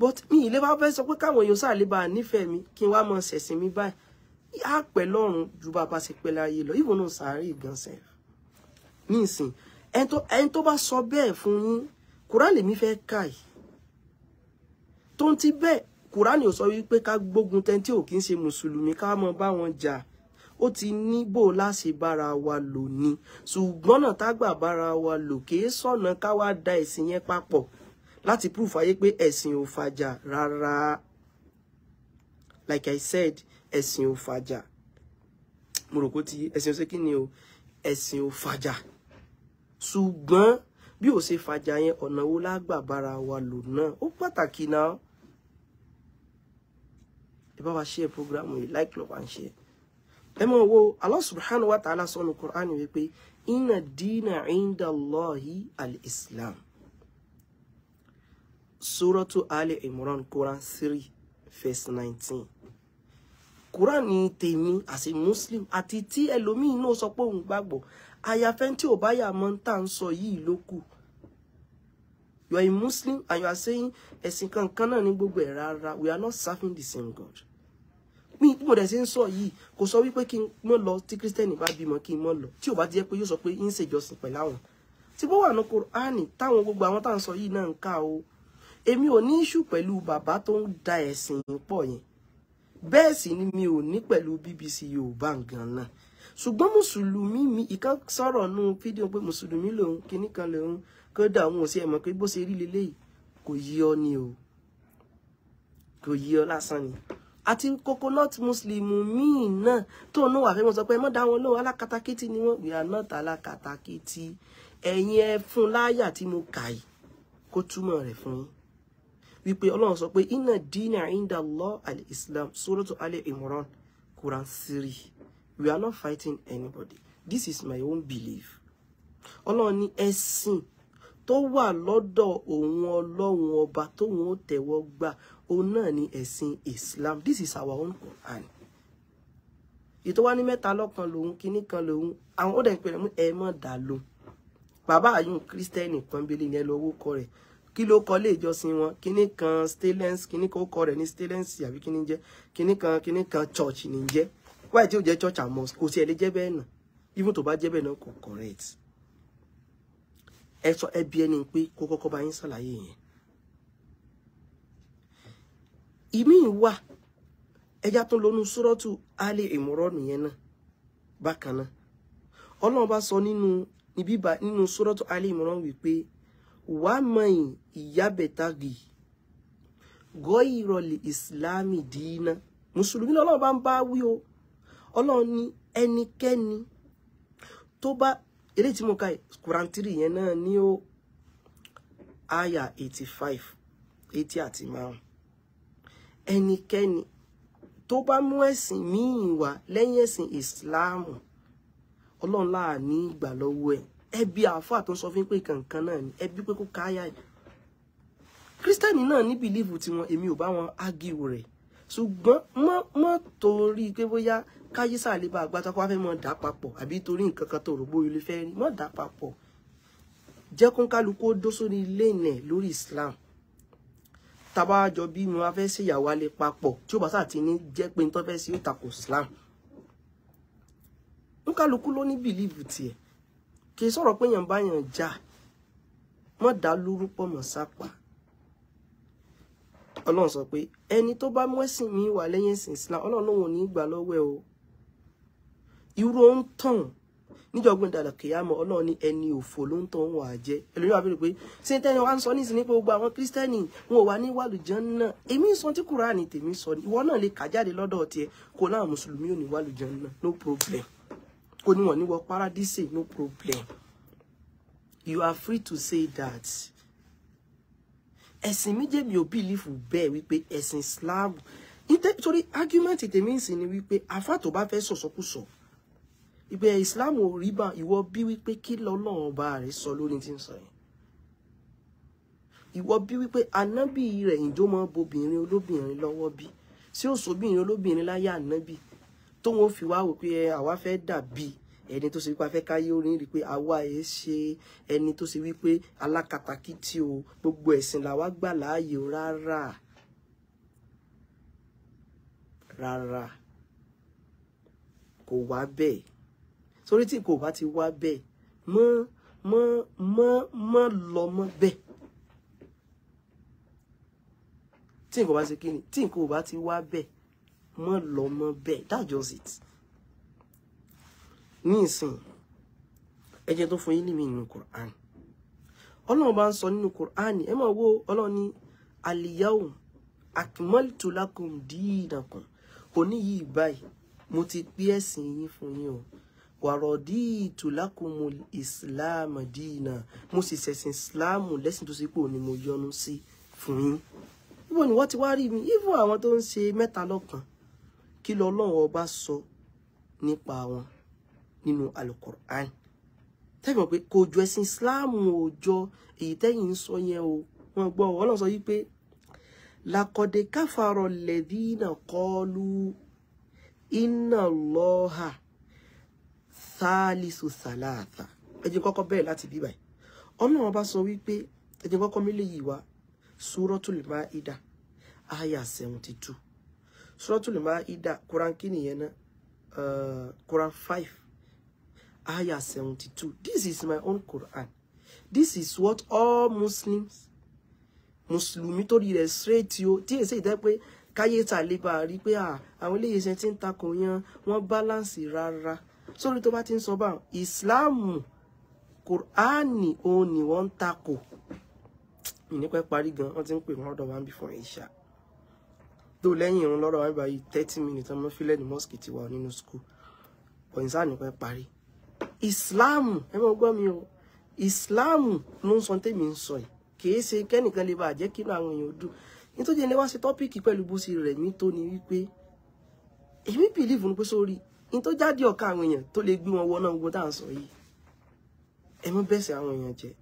but mi ìlé bá fẹ́ sọ pé káwọn èèyàn sáà lè bá a nífẹ̀ẹ́ mi kí n wá mọ ṣẹ̀sìn mi báyìí á lọ́rùn ju bàbá ṣe pẹ́ láyé lọ ìwọ náà sàárè gan ní ìsìn ẹni tó bá sọ bẹ́ẹ̀ fún yín kúrán lèmi fẹ́ kà yìí tó ń ti bẹ́ẹ̀ kúránì ò sọ wípé ká gbógun tẹ́ni tí ò kí ń ṣe mùsùlùmí ká mọ bá wọn jà ó ti ní bò láṣẹ bára wa lò ní ṣùgbọ́n náà tágbà bára wa lò kìí sọ̀nà ká wá da ẹ̀sìn yẹn papọ̀ láti proof ayé pé ẹ̀sìn ò fàjà rárá like I said ẹ̀sìn ò fàjà mo rò ti ẹ̀sìn ò ṣe kí o ẹ̀sìn ò fàjà ṣùgbọ́n bí ò ṣe fàjà yẹn ọ̀nà wo lágbà bára wa lò náà ó pàtàkì náà ẹ bá wa ṣe program yìí like love and share ẹ mọ̀ wo Allah subhanahu wa ta'ala sọnù Qur'ani wípé inna dina inda Allahi al-Islam suratu Ali Imran Quran three verse nineteen Quran ni tèmi àti Muslim àti tí ẹlòmíín náà sọ pé òun gbàgbọ́ àyàfẹ́ tí ò bá yà mọ́ tá you are a muslim and you are saying ẹ̀sìn kankan náà ní gbogbo ẹ̀ we are not serving the same god mi tí mo dẹ̀ ṣe ń sọ yìí kò sọ wípé kí n mọ́ lọ tí kírísítẹ́nì bá bímọ kí n mọ́ lọ tí ò bá ti jẹ́ pé yóò sọ pé ń ṣèjọsìn pẹ̀lú àwọn tí bó wà ní kòránì táwọn gbogbo àwọn tá à ń sọ yìí náà ń o èmi ò ní iṣu pẹ̀lú bàbá tó ń da ẹ̀sìn pọ̀ yẹn bẹ́ẹ̀ ni mi ò ní pẹ̀lú BBC Yorùbá gan náà ṣùgbọ́n mùsùlùmí mi ìkan sọ̀rọ̀ nù fídíò pé mùsùlùmí lòun kinní kan lòun kódà òun ò sí ẹ̀mọ́ pé bó ṣe rí leléyìí kò yí ọ ni o kò yí ọ lásán ni àti coconut muslim míì náà tó náà wà fẹ́ mọ́ sọ pé ẹ mọ́ dá wọn lóhùn alákatakítí ni wọ́n we are not alákatakítí ẹ̀yin ẹ fún láyà tí mo kà yìí kó túmọ̀ rẹ̀ fún yín wípé ọlọ́run sọ pé inna dina inda Allah al-Islam suratu Ali Imran Quran three we are not fighting anybody this is my own belief ọlọ́run ní ẹ̀sìn tó lodo lọ́dọ̀ òun ọlọ́run ọba tóun ó tẹ̀wọ́ gbà ni ẹ̀sìn Islam this is our own Quran ìtò wá ní mẹ́ta lọ́kan lòun kini kan lòun àwọn ó dẹ̀ ń pè mú ẹ mọ̀ dà lo bàbá àyùn kírísítẹ́nì pọ́nbélé yẹn lọ owó kọ rẹ̀ kí ló kọ ilé ìjọsìn wọn kínní kan stalens kínní kan ó kọ rẹ̀ ní stalens àbí kínní jẹ́ kínní kan kínní kan church ni je. Why do je church and mosque? Oh, ele jebe ena Even to ba jebe no, ko correct. Eso e bie ni kwi, koko koba yin sa la yin. Imi yin wa, e jaton lo nun tu, ali e yen na. Bakana. Olon ba so ni nun, ni bi tu ali e moro wa man yin, iya beta gi. Goyi roli islami dina. Musulmi lo lo ba mba wiyo. ọlọ́run ní ẹnikẹ́ni tó bá eléyìí tí mo ka Quran yẹn náà ní ó aya eighty five eighty àti márùn ẹnikẹ́ni tó bá mú ẹ̀sìn míì wá lẹ́yìn ẹ̀sìn ìsìláàmù ọlọ́run láà ní ìgbà lọ́wọ́ ẹ̀ ẹbí àáfàá tó ń sọ fún pé kankan náà ni ẹbí pé kó káyà yìí kírísítẹ́nì náà ní bìlíìfù tiwọn èmi ò bá wọn ágìwò rẹ̀ ṣùgbọ́n mọ́ mọ́ torí pé bóyá káyé sàlébà àgbàtà kó wá fẹ́ mọ̀ dà papọ̀ àbí torí nǹkan kan tó rògbò ilé fẹ́ rí mọ̀ dà papọ̀ jẹ́ kó kálukú ó dó sórí ilé ìnẹ̀ lórí Islam tàbá jọ bí mo fẹ́ ṣèyàwó alẹ́ papọ̀ tí ó bá sà ti ní jẹ́ pé ní tó fẹ́ sí ó Islam ń kálukú ló ní bìlíìfù tiẹ̀ kì í sọ̀rọ̀ pé yàn bá yàn já mọ̀ dá lórúkọ mọ̀ sápà ọlọ́run sọ pé ẹni tó bá mú ẹ̀sìn mi wà lẹ́yìn ẹ̀sìn Islam ọlọ́run lòun ò ní gbà lọ́wọ́ ẹ o irú ń tàn níjọ gbọ́n dàdà kìyàmọ̀ ọlọ́run ní ẹni òfò ló ń tàn wọn àjẹ ẹlòmíràn wà bẹ̀rẹ̀ pé ṣé tẹ́ni wá ń sọ nísìnyí pé gbogbo àwọn kírísítẹ́nì wọn ò wá ní wàlùján náà èmi ń sọ tí kùránì tèmi sọ ni ìwọ náà lè kà jáde lọ́dọ̀ tiẹ̀ kó náà mùsùlùmí ò ní wàlùján náà no problem kó ní wọn ní wọ paradise no problem you are free to say that ẹ̀sìn méjèèjì ò bìlífù bẹ́ẹ̀ wípé ẹ̀sìn Islam nítorí argument tèmi ń sìn ni wípé àfà tó bá fẹ́ sọ̀sọ́kùsọ̀ so, so, ibẹ̀ islam ò rí bá ìwọ bí wípé kí lọ́lọ́run ọba rẹ̀ sọ lórí tí ń sọ yẹn ìwọ bí wípé anábì rẹ̀ ìjó máa bobìnrin olóbìnrin lọ́wọ́ bí sí òṣòbìnrin olóbìnrin láyé anábì tó wọn fi wá wò pé àwa fẹ́ dàbí ẹni tó ṣe wípé afẹ́ káyé orin rí pé àwa ẹ̀ ṣe ẹni tó ṣe wípé alákatakí tí o gbogbo ẹ̀sìn làwa gbà láàyè rárá rárá kò wá bẹ́ẹ̀ torí tí kò bá ti wá bẹ́ẹ̀ mọ́ mọ́ mọ́ mọ́ lọ mọ́ bẹ́ẹ̀ tí nǹkan bá ṣe kí ni tí nǹkan ò bá ti wá bẹ́ẹ̀ mọ́ lọ mọ́ bẹ́ẹ̀ that's just it ní ìsìn ẹ jẹ́ tó fún yín nímì nínú Quran ọlọ́run bá ń sọ nínú Quran ẹ máa wo ọlọ́run ní aliyahu akmaltu lakum dinakum òní yìí báyìí mo ti pé ẹ̀sìn yín fún yín o wàrọ̀dí ìtùlákùnmù islam dínà mo sì ṣẹ̀sìn islam lẹ́sìn tó sì pò ní mo yọ́nú sí fún yín níbo ni wọ́n ti wá rí mi even àwọn tó ń ṣe mẹ́ta lọ́kan kí lọ ọlọ́run ọba sọ nípa wọn nínú alukur'an tẹ́gbọ̀n pé kò jọ ẹ̀sìn islam ò èyí tẹ́yìn ń sọ yẹn o wọ́n gbọ́ ọlọ́run sọ yí pé làkọ̀dé lẹ́dínà kọlu iná lọ́hà. Salisu salatha ẹ jẹ́ kọ́kọ́ bẹ̀rẹ̀ láti bí báyìí Ọlọ́run bá sọ wípé ẹ jẹ́ kọ́kọ́ mílẹ yìí wá suratul maida aya seventy two suratul maida quran kini yena. uh, quran five aya seventy two this is my own quran this is what all muslims mùsùlùmí tó rí rẹ̀ straight o tí èsì ìdá pé káyé tà lè bá rí pé àwọn iléeṣẹ́ tí ń takò yan wọ́n balance rara sórí tó bá ti ń sọ báwọn ìsìláàmù kùránì òun ni wọ́n ń takò ìnípẹ́ parí gan wọ́n ti ń pè wọ́n lọ́dọ̀ wá ń bí fún ìṣà tó lẹ́yìn ìrun lọ́dọ̀ wá ń báyìí thirty minutes ọmọ fílẹ̀ ní mosque ti wà nínú school pọ̀nyìnsá nípẹ́ parí ìsìláàmù ẹ mọ̀ gbọ́ mi o ìsìláàmù ló ń sọ tèmi ń sọ yìí kìí ṣe kẹ́nìkan lè bàa jẹ́ kí inú àwọn èèyàn dùn nítorí ẹni wá ṣe tọ́pìkì pẹ̀lú bó ṣe rẹ̀ mí tó ni wípé èmi bìlíìfù ni pé sórí In tó jáde ọ̀ka àwọn èèyàn tó lè gbé wọn wọná gbogbo tá à ń sọ yìí ẹ mú bẹ́sẹ̀ àwọn èèyàn jẹ́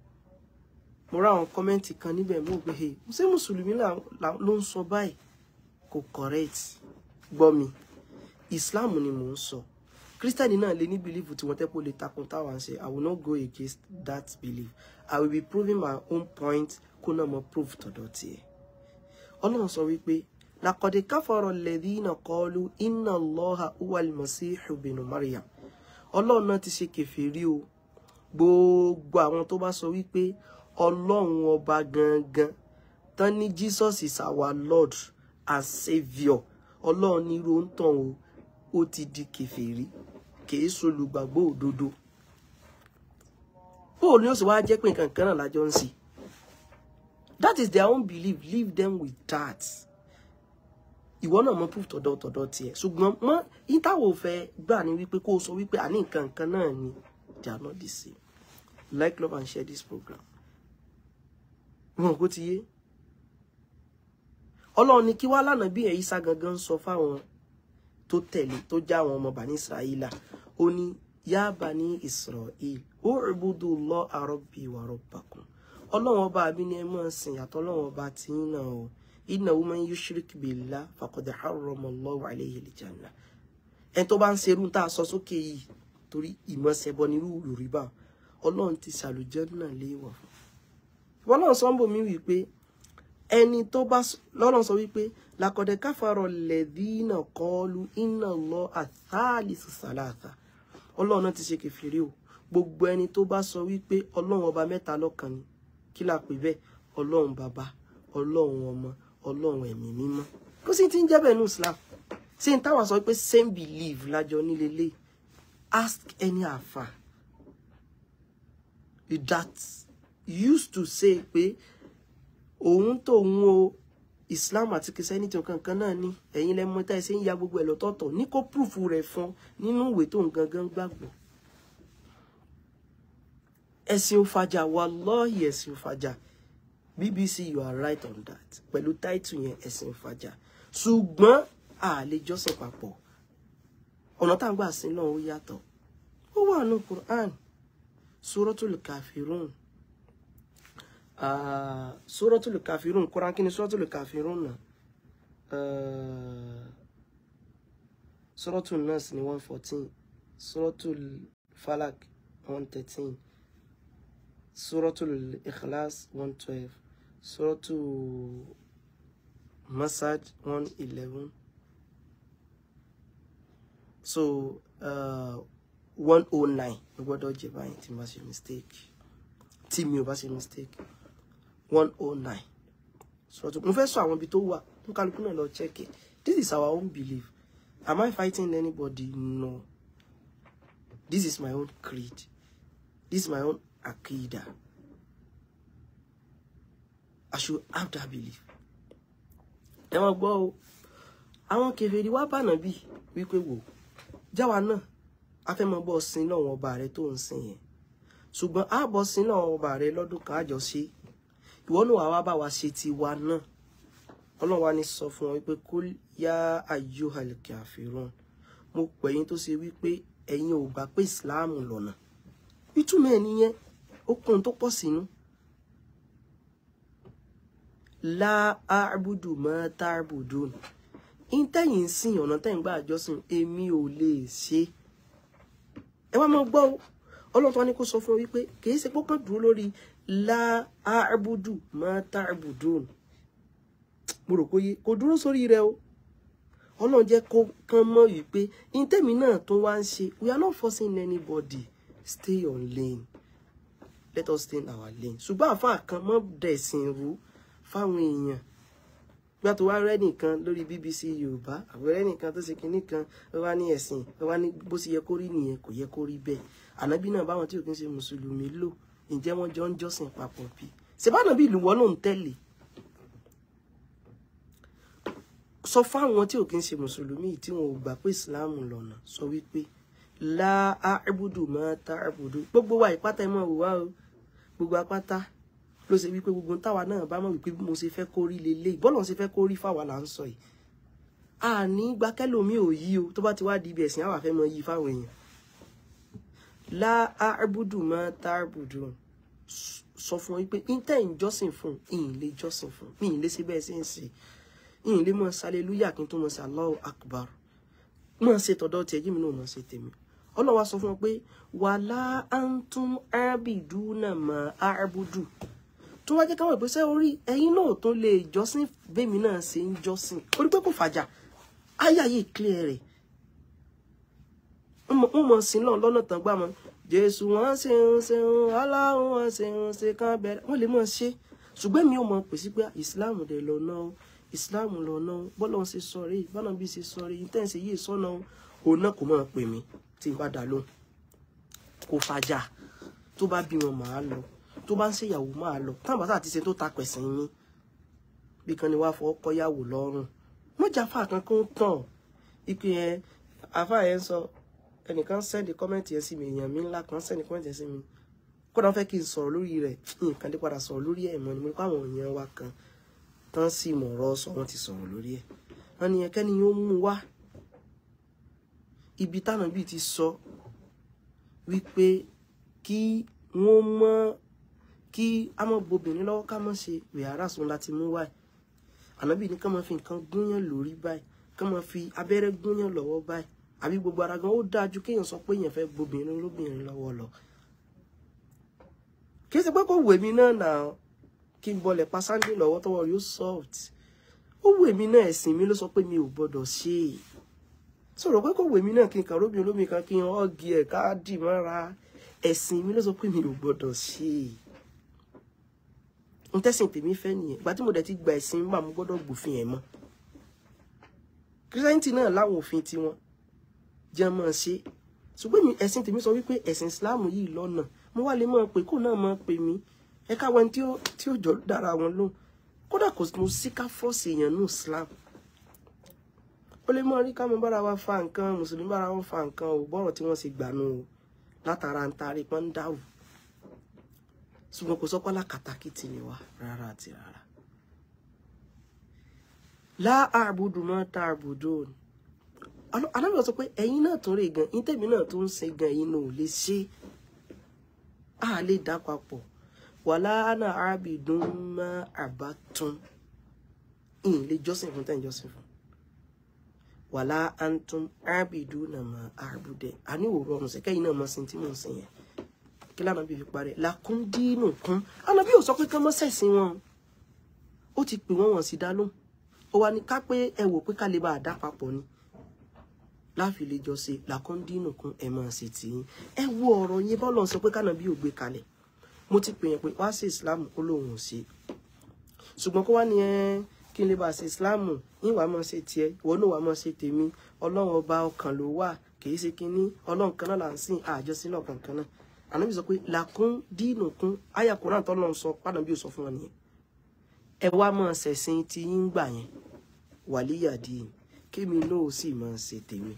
mo ra àwọn kọ́mẹ́ǹtì kan níbẹ̀ mo gbé he ṣé mùsùlùmí ló ń sọ báyìí kò correct gbọ́ mi Islam ni mò ń sọ Christian náà lè ní belief tí wọ́n tẹ́pọ̀ lè takun táwọn ṣe I will not go against that belief I will be proving my own point Kuna náà mo prove tọ̀dọ̀ tiẹ̀ ọlọ́run sọ wípé لقد كفر الذين قالوا إن الله هو المسيح بن مريم الله náà ti ṣe kèfèrí o gbogbo àwọn tó bá sọ wípé ọlọ́run ọba gangan tán ní Jesus is our Lord and Saviour ọlọ́run ní irú òǹtàn o ó ti di kèfèrí kìí solùgbàgbọ́ òdodo bóòlù yóò sì wá jẹ́ pé nǹkan kan náà lájọ ń sìn that is their own belief leave them with that ìwọ náà mọ proof tọ̀dọ̀ tọ̀dọ̀ tiẹ̀ ṣùgbọ́n mọ ìtawọ fẹ́ gbà ní wípé kó o sọ wípé àní nǹkan nǹkan náà ni they are not the same like love and share this program wọn kò ti yé Ọlọ́run ni kí wá lánà bí ẹ Ìsá gangan sọ fáwọn tó tẹ̀lé tó já àwọn ọmọ bani israẹla ó ní yá bani israẹl u'budu llaha rabbi wa rabbakum Ọlọ́run ọba mi ni ẹ máa sìn yàtọ̀ Ọlọ́run ọba tiyín náà o innahu man yushrik billah faqad harrama Allahu alayhi al-jannah ẹni tó bá ń ṣerú tá a sọ sókè yìí torí ìmọ̀sẹ̀bọ nírú yorùbá ọlọ́run ti ṣàlùjánnà léèwọ̀ fún wọn náà sọ́ńbò mi wí pé ẹni tó bá lọ́nà sọ wípé làkọ̀dẹ̀ káfàrọ̀ lẹ́dínà kọlu iná lọ àtàlìsì sàlàtà ọlọ́run náà ti ṣe kẹfìrí o gbogbo ẹni tó bá sọ wípé ọlọ́run ọba mẹ́ta lọ́kan ni kí la pè bẹ́ẹ̀ ọlọ́run bàbá ọlọ́run ọlọ́run ẹ̀mí mímọ́ kó sì ti ń jẹ́bẹ̀ ní islam ṣe ń táwa sọ pé same belief lájọ nílélé ask any afa that used to say pé òun tóun o islam àti kìsẹ́nìtì kankan náà ni ẹ̀yin lẹ́mọ tá ẹ ṣe ń ya gbogbo ẹ̀ lọ́tọ̀ọ̀tọ̀ ní kó púrúfù rẹ̀ fún nínú ìwé tó ń gangan gbàgbọ́ ẹ̀sìn òfàjà wà lọ́ọ̀yì ẹ̀sìn òfàjà BBC you are right on that pẹ̀lú táìtù yẹn ẹ̀sìn ìfàjà ṣùgbọ́n àlejọ́sìn papọ̀ ọ̀nà tá à ń gbà sí náà ó yàtọ̀ ó wà ní Quran Suratul Kafirun uh, Kafirun Quran kí ni Suratul Kafirun náà uh, Suratul Nas ní one fourteen Suratul Falak one thirteen Suratul Ikhlas one twelve sọ́tù masad one eleven so uh, one oh nine ló gbọ́dọ̀ jẹ it. tí mo bá mistake Team you must bá ṣe mistake one oh nine sọ́tù mo fẹ́ sọ àwọn ibi tó wà mo kálukú náà lọ check it this is our own belief am I fighting anybody no this is my own creed this is my own akida. I should have that belief. Ẹ wọ́n gbọ́ o, àwọn kèfèrí wá bànà bí wípé wò, jáwa náà, a fẹ́ mọ bọ́ sin náà wọn ọba rẹ tó ń sin yẹn. Ṣùgbọ́n a bọ́ sin náà wọn ọba rẹ lọ́dún kan àjọ ṣe. Ìwọ náà wàá bá wa ṣe tiwa náà. Ọlọ́run wa ni sọ fún wọn wípé kó yá ayyuhal kafirun. Mo pẹ̀yìn tó ṣe wípé ẹ̀yin ò gbà pé ìsìláàmù lọ̀nà. Ìtumọ̀ ẹ̀ nìyẹn, ó kún tó la a'budu ma ta'budun in tẹ́yìn sìn ọ̀nà tẹ́yìn gbà Emi èmi ò lè ṣe ẹ wá máa gbọ́ ọlọ́tọ́ ni ko sọ fún wípé kì í ṣe pé kàn dúró lórí la a'budu ma ta'budun mo rò pé kò dúró sórí rẹ o ọlọ́run jẹ́ kó kàn mọ̀ wípé in tẹ́mi náà tó wá ń we are not forcing anybody stay on lane let us stay in our lane ṣùgbọ́n àfa kan mọ́ dẹ̀sìn rú fáwọn èèyàn gbà tó wá rẹ́ lórí BBC Yorùbá àwẹrẹ nìkan tó ṣe kinní kan ó wá ní ẹ̀sìn ó wá ní bó ṣe yẹ kó rí nìyẹn kò yẹ kó rí bẹ́ẹ̀ ànábì náà báwọn tí ò kí ń ṣe mùsùlùmí lò ǹjẹ́ wọ́n jọ ń jọ́sìn papọ̀ bí ṣèbánà bí ìlú wọn ló ń tẹ̀lé sọ fáwọn tí ò kí ń ṣe mùsùlùmí tí wọn ò gbà pé Islam lọ́nà sọ wípé la abudu ma ta abudu gbogbo wa ìpátá ẹ mọ òwúwa o gbogbo apáta ló ṣe wípé gbogbo táwa náà bá mọ̀ wípé mo ṣe fẹ́ kó rí lélẹ̀ bọ́lọ̀ ṣe fẹ́ kó rí fáwa là ń sọ yìí àní gbakẹ́lòmí ò yí o tó bá ti wá di ibi ẹ̀sìn àwa fẹ́ mọ yí fáwọn èèyàn la arbudu ma tarbudu sọ fún wọn pé intẹ́ ń jọ́sìn fún ìyìn lè jọ́sìn fún mi le lè ṣe bẹ́ẹ̀ sí ń sìn ìyìn lè mọ sàlẹ́lúyà kí n tó akbar mọ ṣe tọ̀dọ̀ tiẹ̀ yìí mi náà mọ ṣe tèmi ọlọ́wà sọ fún wọn pé wàlá antum arbiduna mọ́ arbudu tó wá jẹ́ káwọn ìgbésẹ̀ orí ẹ̀yin náà tó lè jọ́sìn bẹ́mi náà ṣe ń jọ́sìn orí pé kò fàjà àyà yìí clear rẹ̀ wọ́n mọ̀ sí náà lọ́nà tán gbà mọ́ jésù wọn ṣe ń ṣe ń aláwọn wọn ṣe ń ṣe kán bẹ̀rẹ̀ wọ́n lè mọ̀ ṣe ṣùgbọ́n mi ò mọ̀ pèsè pé ìsìláàmù dẹ̀ lọ́nà o ìsìláàmù lọ́nà o bọ́lá wọn ṣe sọ rèé bọ́lá bí ṣe sọ rèé ìtẹ́ǹsì yìí sọ́nà o òun náà kò máa pè mí tí n bá dà lóhùn kò fàjà tó bá bí wọn màá lọ tó bá ń ṣèyàwó máa lọ táwọn bàtà àti ṣe tó ta pẹ̀sìn yín bí kan ni wàá fọ kọ́yàwó lọ́rùn wọ́n jà fáà kan kó ń tàn ìpè yẹn àfà yẹn ń sọ ẹnìkan sẹ́ndì kọ́mẹ́ǹtì yẹn sí mi èèyàn mi ńlá kan sẹ́ndì kọ́mẹ́ǹtì yẹn sí mi kódà fẹ́ kí n sọ̀rọ̀ lórí rẹ̀ nǹkan dé padà sọ̀rọ̀ lórí ẹ̀ mọ́ ni mo káwọn èèyàn wa kan tán sì mọ̀ ọ̀rọ̀ sọ wọ́n ti sọ̀rọ̀ lórí ẹ̀ wọ́n ní ẹkẹ́ni yóò mú wá ibi táwọn bíi ti sọ wípé kí wọ́n mọ́ kí a mọ bobìnrin lọ́wọ́ ká mọ ṣe wìhárà sun láti mú wáyé ànábì ní kán mọ fi nǹkan gúnyàn lórí báyìí kán mọ fi abẹ́rẹ́ gúnyàn lọ́wọ́ báyìí àbí gbogbo ara gan ó dájú kéèyàn sọ pé èèyàn fẹ́ bobìnrin lóbìnrin lọ́wọ́ lọ kì í ṣe pé kò wù mí náà nà kí n bọlẹ̀ pa sunday lọ́wọ́ tọwọ́ yóò soft ó wù mí náà ẹ̀sìn mi ló sọ pé mi ò gbọ́dọ̀ ṣe é sọ̀rọ̀ pé kò wù mí náà kí n kàn róbìn olómi kan kí n ọ́ọ̀gì ẹ̀ ká dì mọ́ra ẹ̀sìn mi ló sọ pé mi ò gbọ́dọ̀ ṣe é n tẹ́sìn tèmi fẹ́ nìyẹn ìgbà tí mo dẹ̀ ti gba ẹ̀sìn gbà mo gbọ́dọ̀ gbòfin ẹ̀ mọ́ kírísítẹ́ǹtì náà láwọn òfin tiwọn jẹ́ mọ́ ṣe ṣùgbọ́n mi ẹ̀sìn tèmi sọ wípé ẹ̀sìn islam yìí lọ́nà mo wá lè mọ̀ pé kó náà mọ̀ pé mi ẹ káwọn tí ó jọ dára wọn lóhùn kódà kò mo sí ká fọ́ọ̀sì èèyàn ní islam ó lè mọ rí ká mo bára wa fa nǹkan mùsùlùmí bára wọn fa nǹkan ò bọ́rọ̀ tí wọ́n sì gbà nù látara ń tarí pọ́n dáwù ṣùgbọ́n kò sọ́pọ̀ lákatakítí ni wá rárá àti rárá láàbùdù mọ́ tá àbùdù alábìyàn sọ pé ẹ̀yin náà tó rè gan yín tèmi náà tó ń ṣe gan yín náà ò lè ṣe á lè dá papọ̀ wà láàánà arábìdùn mọ́ àbátún ìyìn lè jọ́sìn fún tẹ́yìn jọ́sìn fún wà láàánà arábìdùn náà mọ́ àbùdẹ àníwòrán ọ̀sẹ̀ kẹ́yìn náà mọ́ sí tí mò ń sìn yẹn kí lànà bí fi parẹ́ làkúndínù kún àná bí ò sọ pé kán mọ́ sẹ̀sìn wọn ó ti pè wọ́n wọ̀n sí dá lóhùn ó wà ní ká pé ẹ wò pé ká lè bá a dá papọ̀ ni láfi lè jọ ṣe làkúndínù kún ẹ máa ṣe tì í ẹ wo ọ̀rọ̀ yẹn bọ́ọ̀lù sọ pé kánà ò gbé kalẹ̀ mo ti pè yẹn pé wá sí Islam ó lóun ò ṣe ṣùgbọ́n kó wá ní ẹ kí n lè bá ṣe Islam yín wàá máa ṣe tiẹ̀ ìwọ wàá máa ṣe tèmi ọlọ́run ọba ọkàn ló wà kì í ṣe kinní ọlọ́run kan náà là ń sìn àjọsìn lọ́kàn kan náà ànábì sọ pé làkún dínú kún àyà Kùránì tó sọ pàdán bí ó sọ fún wọn nìyẹn ẹ wá máa ṣẹ̀sìn tí yín gbà yẹn wàlíyà kémi náà sì máa ṣe tèmi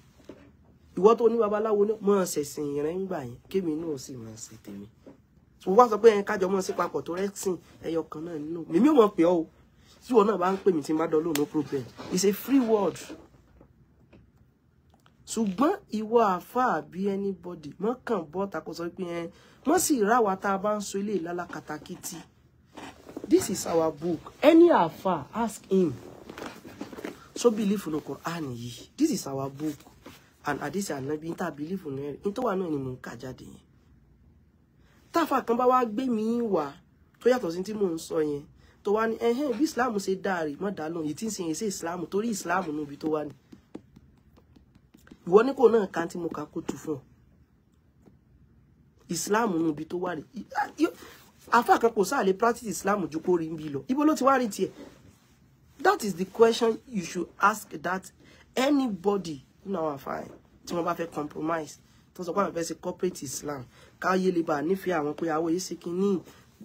ìwọ tó ní babaláwo ní máa ṣẹ̀sìn rẹ̀ ń gbà yẹn kémi náà sì máa ṣe tèmi mo wá sọ pé ẹn kájọ mọ́ sí papọ̀ tó rẹ́sìn ẹyọ kan náà nínú mímí ò mọ̀ pé ọ́ o tí wọn náà bá ń pè mí tí n bá dán lóun no problem it's a free world ṣùgbọ́n ìwọ àáfàá bí anybody mọ́ kàn bọ́ tako sọ pé ẹn wọ́n sì ráwa tá a bá ń sọ ilé ìlàlá kàtàkìtì this is our book any àáfàá ask him so believe in Quran yìí this is our book and àdìsí ànábi ń tà believe in ẹ̀rí ní tó wà náà ni mò ń kà jáde yẹn táfà kan bá wá gbé mi wá tó yàtọ̀ sí tí mò ń sọ yẹn tó wá ní ẹ̀hẹ́n bí Islam ṣe dáa rè mọ́ dáa lóhùn èyí tí ń sin èsè Islam torí Islam níbi tó wá ni ìwọ ní kò náà kan tí mo kà kó tu fún ọ islam nù ibi tó wà rí afa kan kò sáà lè practice islam ju kó rí níbi lọ ibo ló ti wá rí tiẹ̀ that is the question you should ask that anybody nínú àwọn àfààní tí wọ́n bá fẹ́ compromise tó sọ pé àwọn fẹ́ ṣe corporate islam káyé lè bá nífẹ̀ẹ́ àwọn pé àwọn èyí ṣe kínní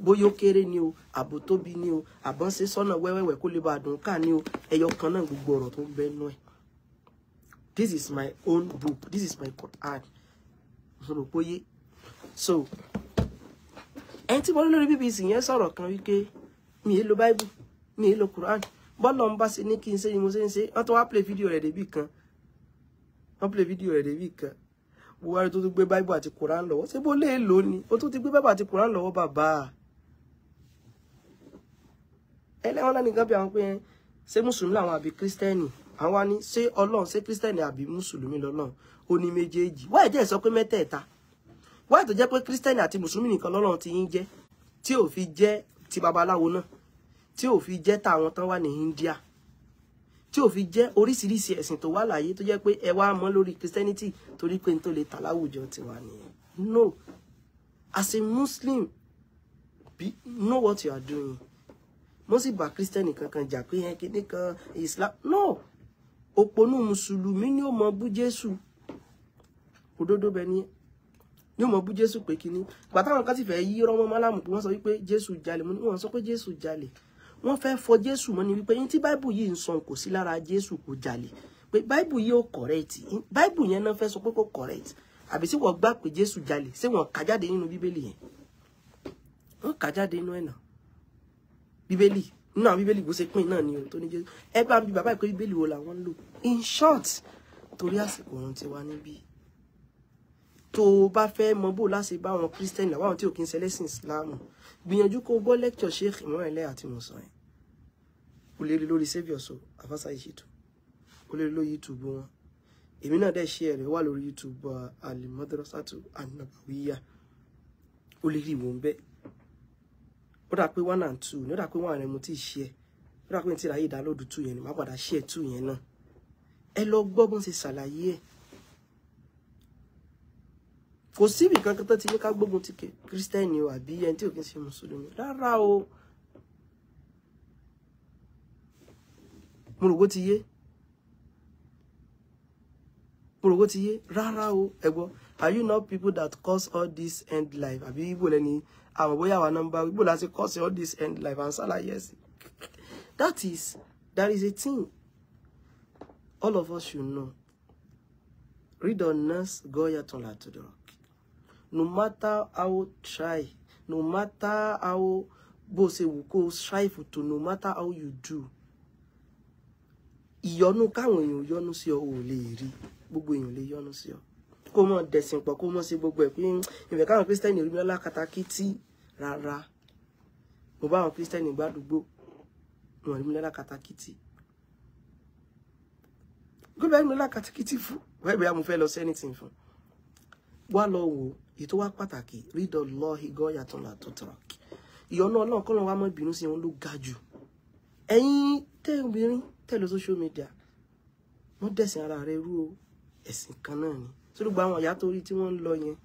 bóyá ó kéré ni o àbò tóbi ni o àbọ̀n ṣe sọ́nà wẹ́wẹ́wẹ́ kó lè bá dùn ká ni o ẹyọ kan náà gbogbo ọ̀rọ̀ tó ń bẹ́ẹ̀ nú this is my own book this is my Quran so ẹni tí mo lọ lórí BBC yes, sọ̀rọ̀ kan wípé mi ì lo bible mi ì Quran But ọ̀hún bá ṣe ní kí n ṣe ni mo ṣe ń ṣe wọ́n tó wá play fídíò rẹ̀ débì kan wọ́n play fídíò rẹ̀ débì kan buhari tó tún gbé bible àti Quran What's ṣé bó lè lò ní ó tún ti the bible àti Quran lọ́wọ́ bàbá ẹlẹ́wọ̀n lánìí kan bí àwọn pé ṣé mùsùlùmí làwọn àbí kírísítẹ́nì àwọn ni ṣé ọlọ́run ṣé kírísítẹ́nì àbí mùsùlùmí lọ́lọ́run ó ní méjèèjì wáyé jẹ́ sọ pé mẹ́tẹ̀ẹ̀ta wáyé tó jẹ́ pé kírísítẹ́nì àti mùsùlùmí nìkan lọ́lọ́run ti ń jẹ́ tí ò fi jẹ́ ti babaláwo náà tí ò fi jẹ́ tàwọn tán wà ní India tí ò fi jẹ́ oríṣiríṣi ẹ̀sìn tó wà láyé tó jẹ́ pé ẹ wá mọ́ lórí christianity torí pé n tó lè tà láwùjọ tiwa nìyẹn no as a muslim be know what you are doing mo sì bá christian kankan jà pé ẹ kìíní kan islam no òpònú mùsùlùmí ni ó mọ bú jésù òdodo bẹ ni ni ó mọ bú jésù pé kíní ìgbà táwọn kan sì fẹ́ yí rọmọ málàmù pé wọ́n sọ wípé Jesu, jalè mo ní wọ́n sọ pé jésù jalè wọ́n fẹ́ fọ jésù mọ́ ni wípé yín tí báìbù yìí ń sọ kò sí lára jésù kò jalè pé báìbù yìí ó correct báìbù yẹn náà fẹ́ sọ pé kò correct àbí sí wọ́n gbà pé jésù jalè ṣé wọ́n kà jáde nínú bíbélì yẹn wọ́n kà jáde nínú ẹ̀ náà nínú àwọn bíbélì bó pín náà ni ohun tó ní jésù ẹ bá mi bí bàbá ìpè bíbélì wo làwọn ń lò in short torí àsìkò òun ti wá níbí tó o bá fẹ́ mọ bó láti bá àwọn christian làwọn tí ò kí ń ṣẹlẹ́sìn islam gbìyànjú kó o gbọ́ lecture sheikh imọ̀ẹ́lẹ́ àti mọ̀sán ẹ̀ o lè rí lórí saviour so afasa ìṣètò o lè rí youtube wọn èmi náà dẹ̀ ṣe ẹ̀rẹ̀ wà lórí youtube uh, alimadrasatu anabawiya o lè rí ìwò ń bẹ́ ó dà pé one and two ní ó dà pé one and mo ti ṣe ẹ ó dà pé n ti ráyè ìdálódù two yẹn ni màá padà ṣe two yẹn náà ẹ lọ gbọ́ bọ́n ṣe ṣàlàyé ẹ̀ kò síbi kankan tó ti ní ká gbógun ti kírísítẹ́nì o àbí ẹni tí ò kí ń ṣe mùsùlùmí rárá o mo rò ti yé mo rò ti yé rárá o ẹ gbọ́ are you not people that cause all this end life àbí ibo lẹni àwọn bóyá wa nọ́mbà ibo láti cause all this end life and ṣàlàyé ẹ̀sìn that is that is a thing all of us should know. Read on nurse Goya Tonlatodorok. No matter how try, no matter how bose wuko strive to, no matter how you do, ìyọnu káwọn èèyàn yọnu sí ọ ò lè rí gbogbo èèyàn le yọnu sí ọ kó mọ dẹ̀sìn pọ̀ kó mọ sí gbogbo ẹ̀ pé hmm, ìfẹ́ káwọn kírísítẹ́nì rí mi lọ́la katakítí rárá mo bá àwọn kírísítẹ́nì gbádùgbò wọn rí mi lọ́la katakítí Gómìnà mi lákàtìkìtì fún wẹ́ẹ̀ bẹ́ẹ̀ mo fẹ́ lọ sẹ́nìtì fún. Wá lọ wo ètò wa pàtàkì rídọ̀ lọ igọ́ yàtọ̀ làtọ̀ tọ̀rọ̀. Ìyọ́nú ọlọ́run kọ́ lọ́n wá mọ́ ìbínú sí òun ló ga jù. Ẹ̀yin tẹ́ obìnrin tẹ́ lọ social media. Wọ́n dẹ̀sìn ara rẹ̀ rú o. Ẹ̀sìn kan náà ni. Sórí gba àwọn ìyá torí tí wọ́n ń lọ yẹn.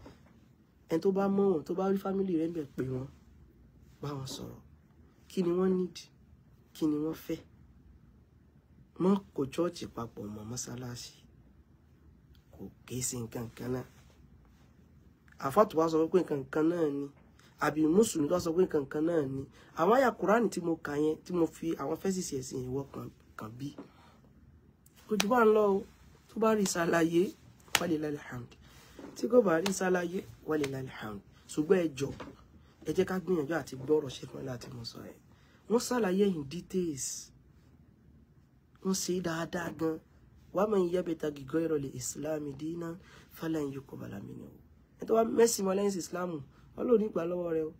Ẹni tó bá mọ̀ wọn tó bá rí fámìlì rẹ̀ ń bẹ̀ pé wọ́n bá wọn sọ̀rọ̀. Kí ni wọ́n nídìí? Kí ni wọ́n mọ́ kó chọ́ọ̀chì papọ̀ mọ́ mọ́sálásí kò kìí ṣe nǹkan kan náà àfàtò wa sọ pé nǹkan kan náà ni àbí mùsùlùmí tó sọ pé nǹkan kan náà ni àwọn àyà kúránì tí mo kà yẹn tí mo fi àwọn fẹ́sìsì ẹ̀sìn ìwọ kan bí ojú bá ń lọ o tó bá rí ṣàlàyé walillahil hamd tí kò bá rí ṣàlàyé walillahil hamd ṣùgbọ́n ẹ jọ ẹ jẹ́ ká gbìyànjú àti gbọ́rọ̀ ṣe fún ẹ láti mọ̀ sọ ẹ wọ́n ṣàlàyé in details ń ṣe dáadáa gan wàá mọ̀ yíyá bẹ̀ta gígọ́ ìrọ̀lẹ̀ ìsìláàmù dínà fàlàyé yóò kọ́ bàlá mi ni o ẹ tó wá mẹ́sìn mọ́ lẹ́yìn ìsìláàmù wọn lò ní ìgbà rẹ o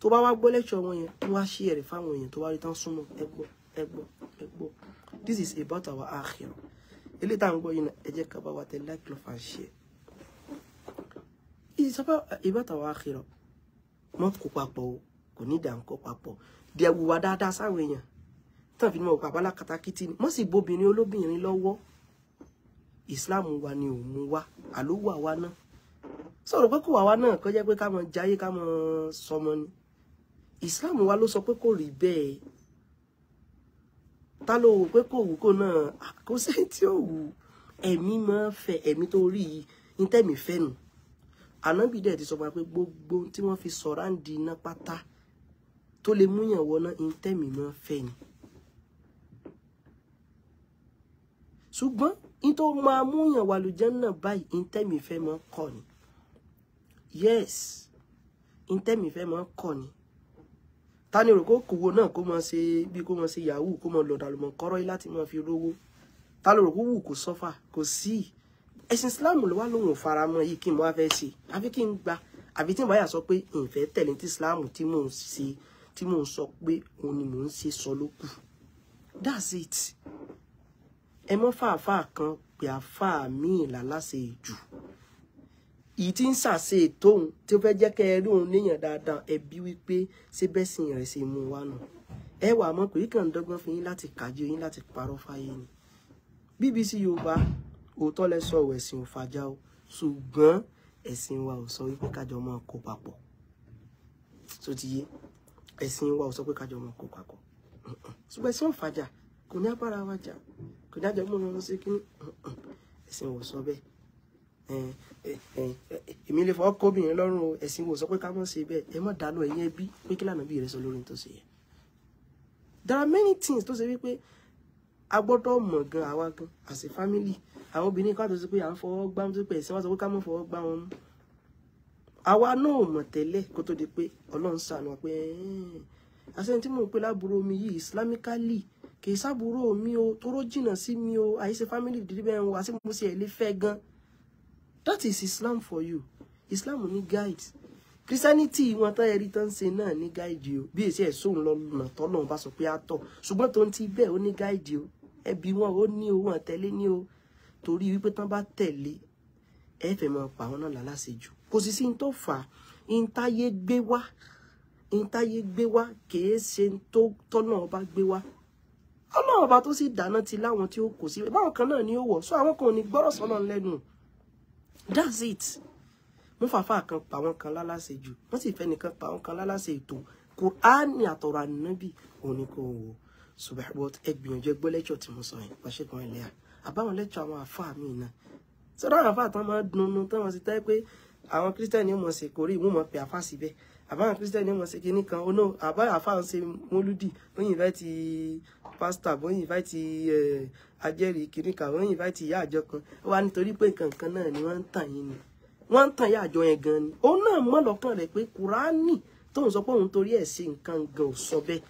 tó bá wá gbọ́ lẹ́kṣọ̀ wọn yẹn wọ́n á ṣí ẹ̀rẹ̀ fáwọn èèyàn tó wá rí tán súnmọ́ ẹ gbọ́ ẹ this is about our akhira eléyìí tá à ń gbọ́ yìí ẹ jẹ́ ká bá wa tẹ like love and share it's about about our akhira mọ́tò kó papọ̀ o kò ní ìdàǹkọ́ papọ̀ dẹ̀ wùwà dáadáa sáwọn èèyàn tán fi ní mọ̀ bàbá lákatakítí ni wọ́n sì bóbìnrin olóbìnrin lọ́wọ́ Islam wa ni ò mú wa àlówó àwa náà sọ̀rọ̀ pé kò wà wá náà kọjá pé ká mọ jayé ká mọ sọmọ ni Islam wa ló sọ pé kò rí bẹ́ẹ̀ ta ló wò pé kò wù kó náà kò sẹ́yìn tí ó wù ẹ̀mí máa fẹ́ ẹ̀mí tó rí yìí ní tẹ̀mí fẹ́ nù ànábì dẹ̀ ti sọ gbogbo tí wọ́n fi sọ̀ráǹdì iná pátá tó lè múyàn wọ náà ní tẹ̀mí máa fẹ́ ni. ṣùgbọ́n nítorí máa mú yàn wà lùjẹ́nà báyìí ìtẹ́mi fẹ́ mọ́ kọ́ ni yes ìtẹ́mi fẹ́ mọ́ kọ́ ni ta ni rò kó kòwò náà kó mọ ṣe bí kó mọ ṣe yahoo kó mọ lọ̀dà lọ́mọ kọ́rọ́ yìí láti mọ fi rówó ta ló rò kó wù kó sọ́fà kò sí ẹ̀sìn islam ló wá lóhùn faramọ́ yìí kí n wá fẹ́ ṣe àfi kí n gba àfi tí n báyà sọ pé ìfẹ́ tẹ̀lé tí islam tí mò ń ṣe tí mò ń sọ pé òun ni mò ń ṣe sọ lókù that's it ẹ mọ́ fàáfàá kan pé àfàá míì láláṣẹ jù ìyí tí ń ṣàṣe tóun tí ó fẹ́ jẹ́ kẹ́ ẹ rí òun léèyàn dáadáa ẹbí wípé ṣé bẹ́ẹ̀ sìn rẹ̀ ṣe mú wa nù ẹ wà mọ́ pé kàn ń dọ́gbọ́n fún yín láti kàjọ yín láti parọ́ fáyé ni BBC Yorùbá òótọ́ lẹ sọ ọ̀rọ̀ ẹ̀sìn ò fàjà o ṣùgbọ́n ẹ̀sìn wa ò sọ wípé kájọ máa kó papọ̀ tó ti yé ẹ̀sìn wa ò sọ pé kájọ máa kó papọ̀ ṣùgbọ́n ẹ̀sìn ò fàjà kò ní abára wa jà kò jájọ mú mi sí kí ẹ̀sìn wò sọ bẹ́ẹ̀ èmi lè fọwọ́ kóbìnrin lọ́rùn o ẹ̀sìn wò sọ pé ká mọ̀ ṣe bẹ́ẹ̀ ẹ mọ̀ dànù ẹ̀yìn ẹbí pé kí lànà bí rẹ lórí tó ṣe yẹ. there are many things tó ṣe wípé a gbọ́dọ̀ mọ̀ gan àwa gan as a family àwọn obìnrin kan tó ṣe pé à ń fọwọ́ gbá wọn tó pé ẹ̀sìn wọn sọ pé ká mọ̀ fọwọ́ gbá wọn mú. àwa náà mọ̀ tẹ́lẹ̀ kó tó di pé ọlọ́run ṣàánú pé àṣẹ kì í sábúrò mi o tóró jìnnà sí mi o àyíṣe family dìríbẹ̀ ń wá sí mo sì ẹ̀ fẹ́ gan that is Islam for you Islam ní guide christianity wọn tán ẹrí tán ṣe náà ní gáìdì o bí èsì ẹsùn lọnà tọnà bá sọ pé àtọ ṣùgbọ́n tó ń ti bẹ́ẹ̀ ó ní gáìdì o ẹbí wọn ó ní o wọn tẹ̀lé ní o torí wípé tán bá tẹ̀lé ẹ fẹ́ máa pa àwọn náà láláṣẹ jù kò sì sí ní tó fà á ìntayé gbé wá ìntayé gbé wá kìí ṣe tó tọnà ọba gbé wá ọlọ́run ọba tó sì dáná ti láwọn tí ó kò sí báwọn kan náà ni ó wọ̀ so àwọn kan ò ní gbọ́rọ̀ sọ́nà lẹ́nu that's it mo fàáfàá kan pa àwọn kan lálàsè jù wọ́n sì fẹ́ nìkan pa àwọn kan lálàsè ètò Kùránì àtọ̀rọ̀ ànábì òun ni kò wò ṣùgbọ́n ẹgbìyànjú ẹgbẹ́ lẹ́tọ̀ tí mo sọ yẹn pàṣẹ kan ẹlẹ́yà àbáwọn lẹ́tọ̀ àwọn àfáà mi náà sọ́dọ̀ àwọn àfáà tán máa dunnú tán wọ́n sì tẹ́ pé àwọn kírísítẹ́nì ó mọ̀ sí kórè mú mọ̀ pé àfáà síbẹ̀ àbáwọn christian yóò mọ̀ ṣe kinní kan ono oh àbá àfáàn ṣe mólúdì wọ́n yìnbá ti pastor wọ́n yìnbá ti eh, ajẹ́rìí kinní kan wọ́n yìnbá ti ìyá àjọ kan wá nítorí pé nǹkan kan náà ni wọ́n ń tàn yín ni wọ́n ń tàn ìyá àjọ yẹn gan ni òun náà mọ̀ lọ́kàn rẹ̀ pé kùránì tóun sọ pé òun torí ẹ̀ ṣe nǹkan gan ò sọ bẹ́ẹ̀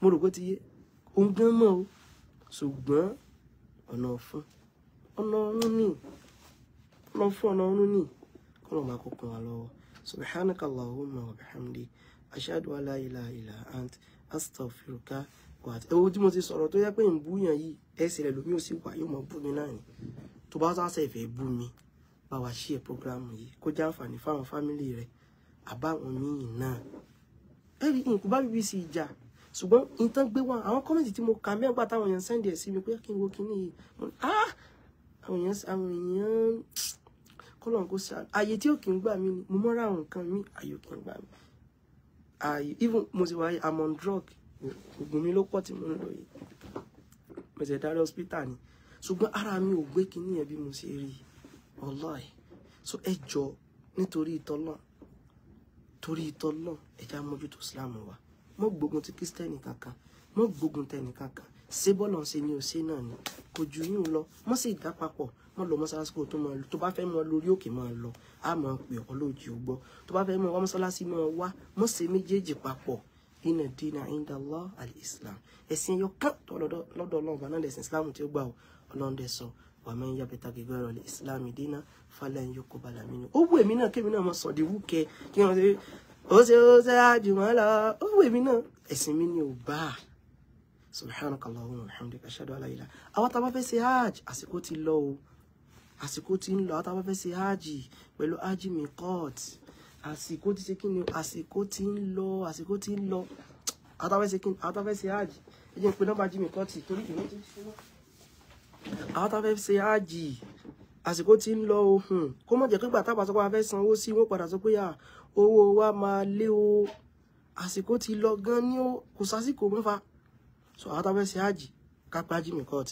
mo rò pé ti yé òun gan mọ́ o ṣùgbọ́n ọ̀nà ọ̀fun ọ̀nà ọ̀run ni ọ̀nà ọ̀fun ọ̀nà ọ̀run ni kọ́lọ̀ máa kó kan wa lọ́wọ́ subhanaka allahumma wa bihamdi ashhadu an la ilaha illa ant astaghfiruka wa ẹ wo tí mo ti sọ̀rọ̀ tó yẹ pé ń búyàn yìí ẹsẹ̀ rẹ̀ lómi ò sì wà yóò mọ̀ bú mi náà ni tó bá sá sẹ̀ fẹ́ bú mi bá wa ṣe programu yìí kó jẹ́ àǹfààní fáwọn fámìlì rẹ̀ àbáwọn míì náà ẹ rí nǹkan bá BBC ìjà ṣùgbọ́n nǹkan gbé mo kà mẹ́gbà táwọn èèyàn sẹ́ndì ẹ̀ sí mi kọ́lọ̀ kó ṣàánú ààyè tí ò kì í gbà mí ni mo mọ́ra àwọn nǹkan mi ààyè ò kì í gbà mí ààyè even mo ti wáyé i'm on drug oògùn mi ló pọ̀ tí mo ń lò yìí mo ti darí hospital ni ṣùgbọ́n ara mi ò gbé kinní yẹn bí mo ṣe rí ọlọ́ọ̀ so ẹ jọ nítorí ìtọ́lọ́ torí ìtọ́lọ́ ẹ̀já mójútó Islam wa mo gbógun ti kírísítẹ́nì kankan mo gbógun tẹ́nì kankan ṣé bọ́ọ̀lù ṣe ni ò ṣe náà ni kò ju yín lọ mo sì dá papọ̀ mọ́ lọ mọ́sálásí kó tó máa lọ tó bá fẹ́ mọ́ lórí òkè máa lọ á máa pè ọ́ lóòjì ó gbọ́ tó bá fẹ́ mọ́ wá mọ́sálásí máa wá mọ́ méjèèjì papọ̀ iná dínà inda Allah al-Islam ẹ̀sìn ẹyọ kan tó lọ́dọ̀ ọlọ́run bá náà lẹ̀sìn Islam tí ó gbà ó ọlọ́run dẹ̀ sọ wà mẹ́rin yá bẹ́tà gẹ́gẹ́ ọ̀rọ̀ lè Islam dínà falẹ̀ ń yọkọ̀ balà mí ni ó wù èmi náà kémi náà mọ̀ sọ̀dí wù kẹ́ kí wọ́n ṣe ó ṣe ó ṣe àjùmọ̀ lọ ó wù èmi náà subhanakallahumma wa bihamdika ashhadu an la ilaha illa àwọn tá a bá fẹ́ ṣe hajj àsìkò ti lọ o àsìkò tí ń lọ àtàwọn fẹ́ ṣe ájì pẹ̀lú ájì mi court àsìkò ti ṣe kí ni àsìkò tí ń lọ àsìkò tí ń lọ àtàwọn fẹ́ ṣe kí ni àtàwọn fẹ́ ṣe ájì ẹ jẹ́ pé nọ́mbà jimmy court torí ìwé ti ṣe wá àwọn tá a fẹ́ ṣe ájì àsìkò tí ń lọ ohun kó mọ̀ jẹ́ pé gbà tábà sọ pé a fẹ́ sanwó sí wọ́n padà sọ pé à owó wa máa lé o àsìkò ti lọ gan ni ó kò sásìkò mẹ́fà so àwọn tá a fẹ́ ṣe ájì kápá jimmy court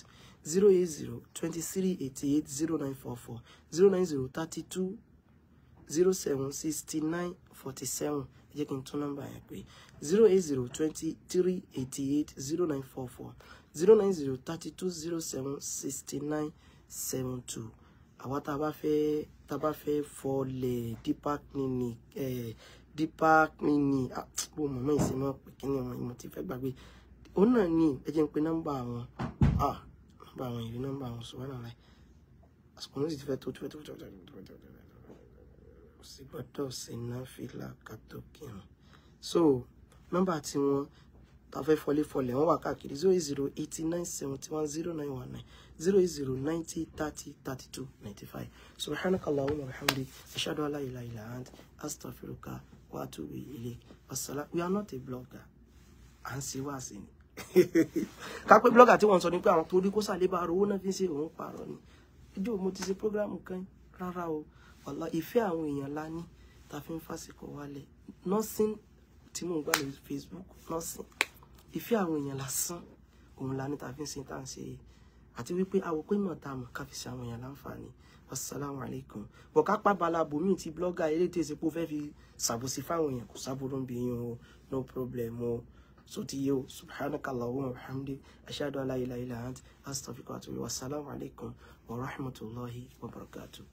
Zero zero zero zero eight eight twenty three eighty nine four four 080 23 88 0944 090 32 07 69 47 ẹ jẹ́ kí n tún nọ́mbà yẹn pé 080 23 88 zero 090 32 07 69 72 àwa tá a bá fẹ́ tá a bá fẹ́ fọlẹ̀ dípá clinic eh, dípá clinic àpò ah, mọ̀mọ́ ìsinmi ọ̀pẹ̀ kí ni ọmọ ìmọ̀ ti fẹ́ gbàgbé òun náà ni ẹ jẹ́ ń pe nọ́mbà àwọn. Ah, nọ́mbà àwọn ìrí nọ́mbà àwọn ṣùgbọ́n àlàyé àsìkò ní ti fẹ́ tó tó tó tó tó tó sí gbọ́dọ̀ sí náfìlà kàtó kírun so nọ́mbà tí wọ́n ta fẹ́ fọléfọlẹ̀ wọ́n wà káàkiri zero eight zero eighty nine seventy one zero nine one nine zero eight zero ninety thirty thirty two ninety five subhanakallahumma wa bihamdik ashhadu an la ilaha illa ant astaghfiruka wa atubu ilayk wassalam we are not a blogger à ń ṣe wá sí ni. ká pé blọ́gà tí wọ́n sọ ní pé àwọn torí kó sàlébà owó náà fi ń ṣe òun pààrọ̀ ni ìjọ mo ti ṣe prógrámù kan rárá o wàlá ìfẹ́ àwọn èèyàn la ní ta fi ń fásikọ wálẹ̀ nọ́sìn tí mò ń gbà lórí Facebook nọ́sìn ìfẹ́ àwọn èèyàn lásán òun la ní ta fi ń ṣe tá à ń ṣe yìí àti wípé àwọn pé mọ̀ tá a mọ̀ ká fi ṣe àwọn èèyàn láǹfààní assalamu alaikum bọ̀ ká pàbàlà bòmí ti blọ́gà elétèsí pé ó fẹ́ fi ṣàbòsí fáwọn èèyàn kò sábòrò ń bí yín o no problem o. Oh so ti yẹ o subhanakallahumma wa bihamdik ashhadu an la ilaha illa ant astaghfiruka wa atubu ilayk wassalamu alaikum wa rahmatullahi wa barakatuh.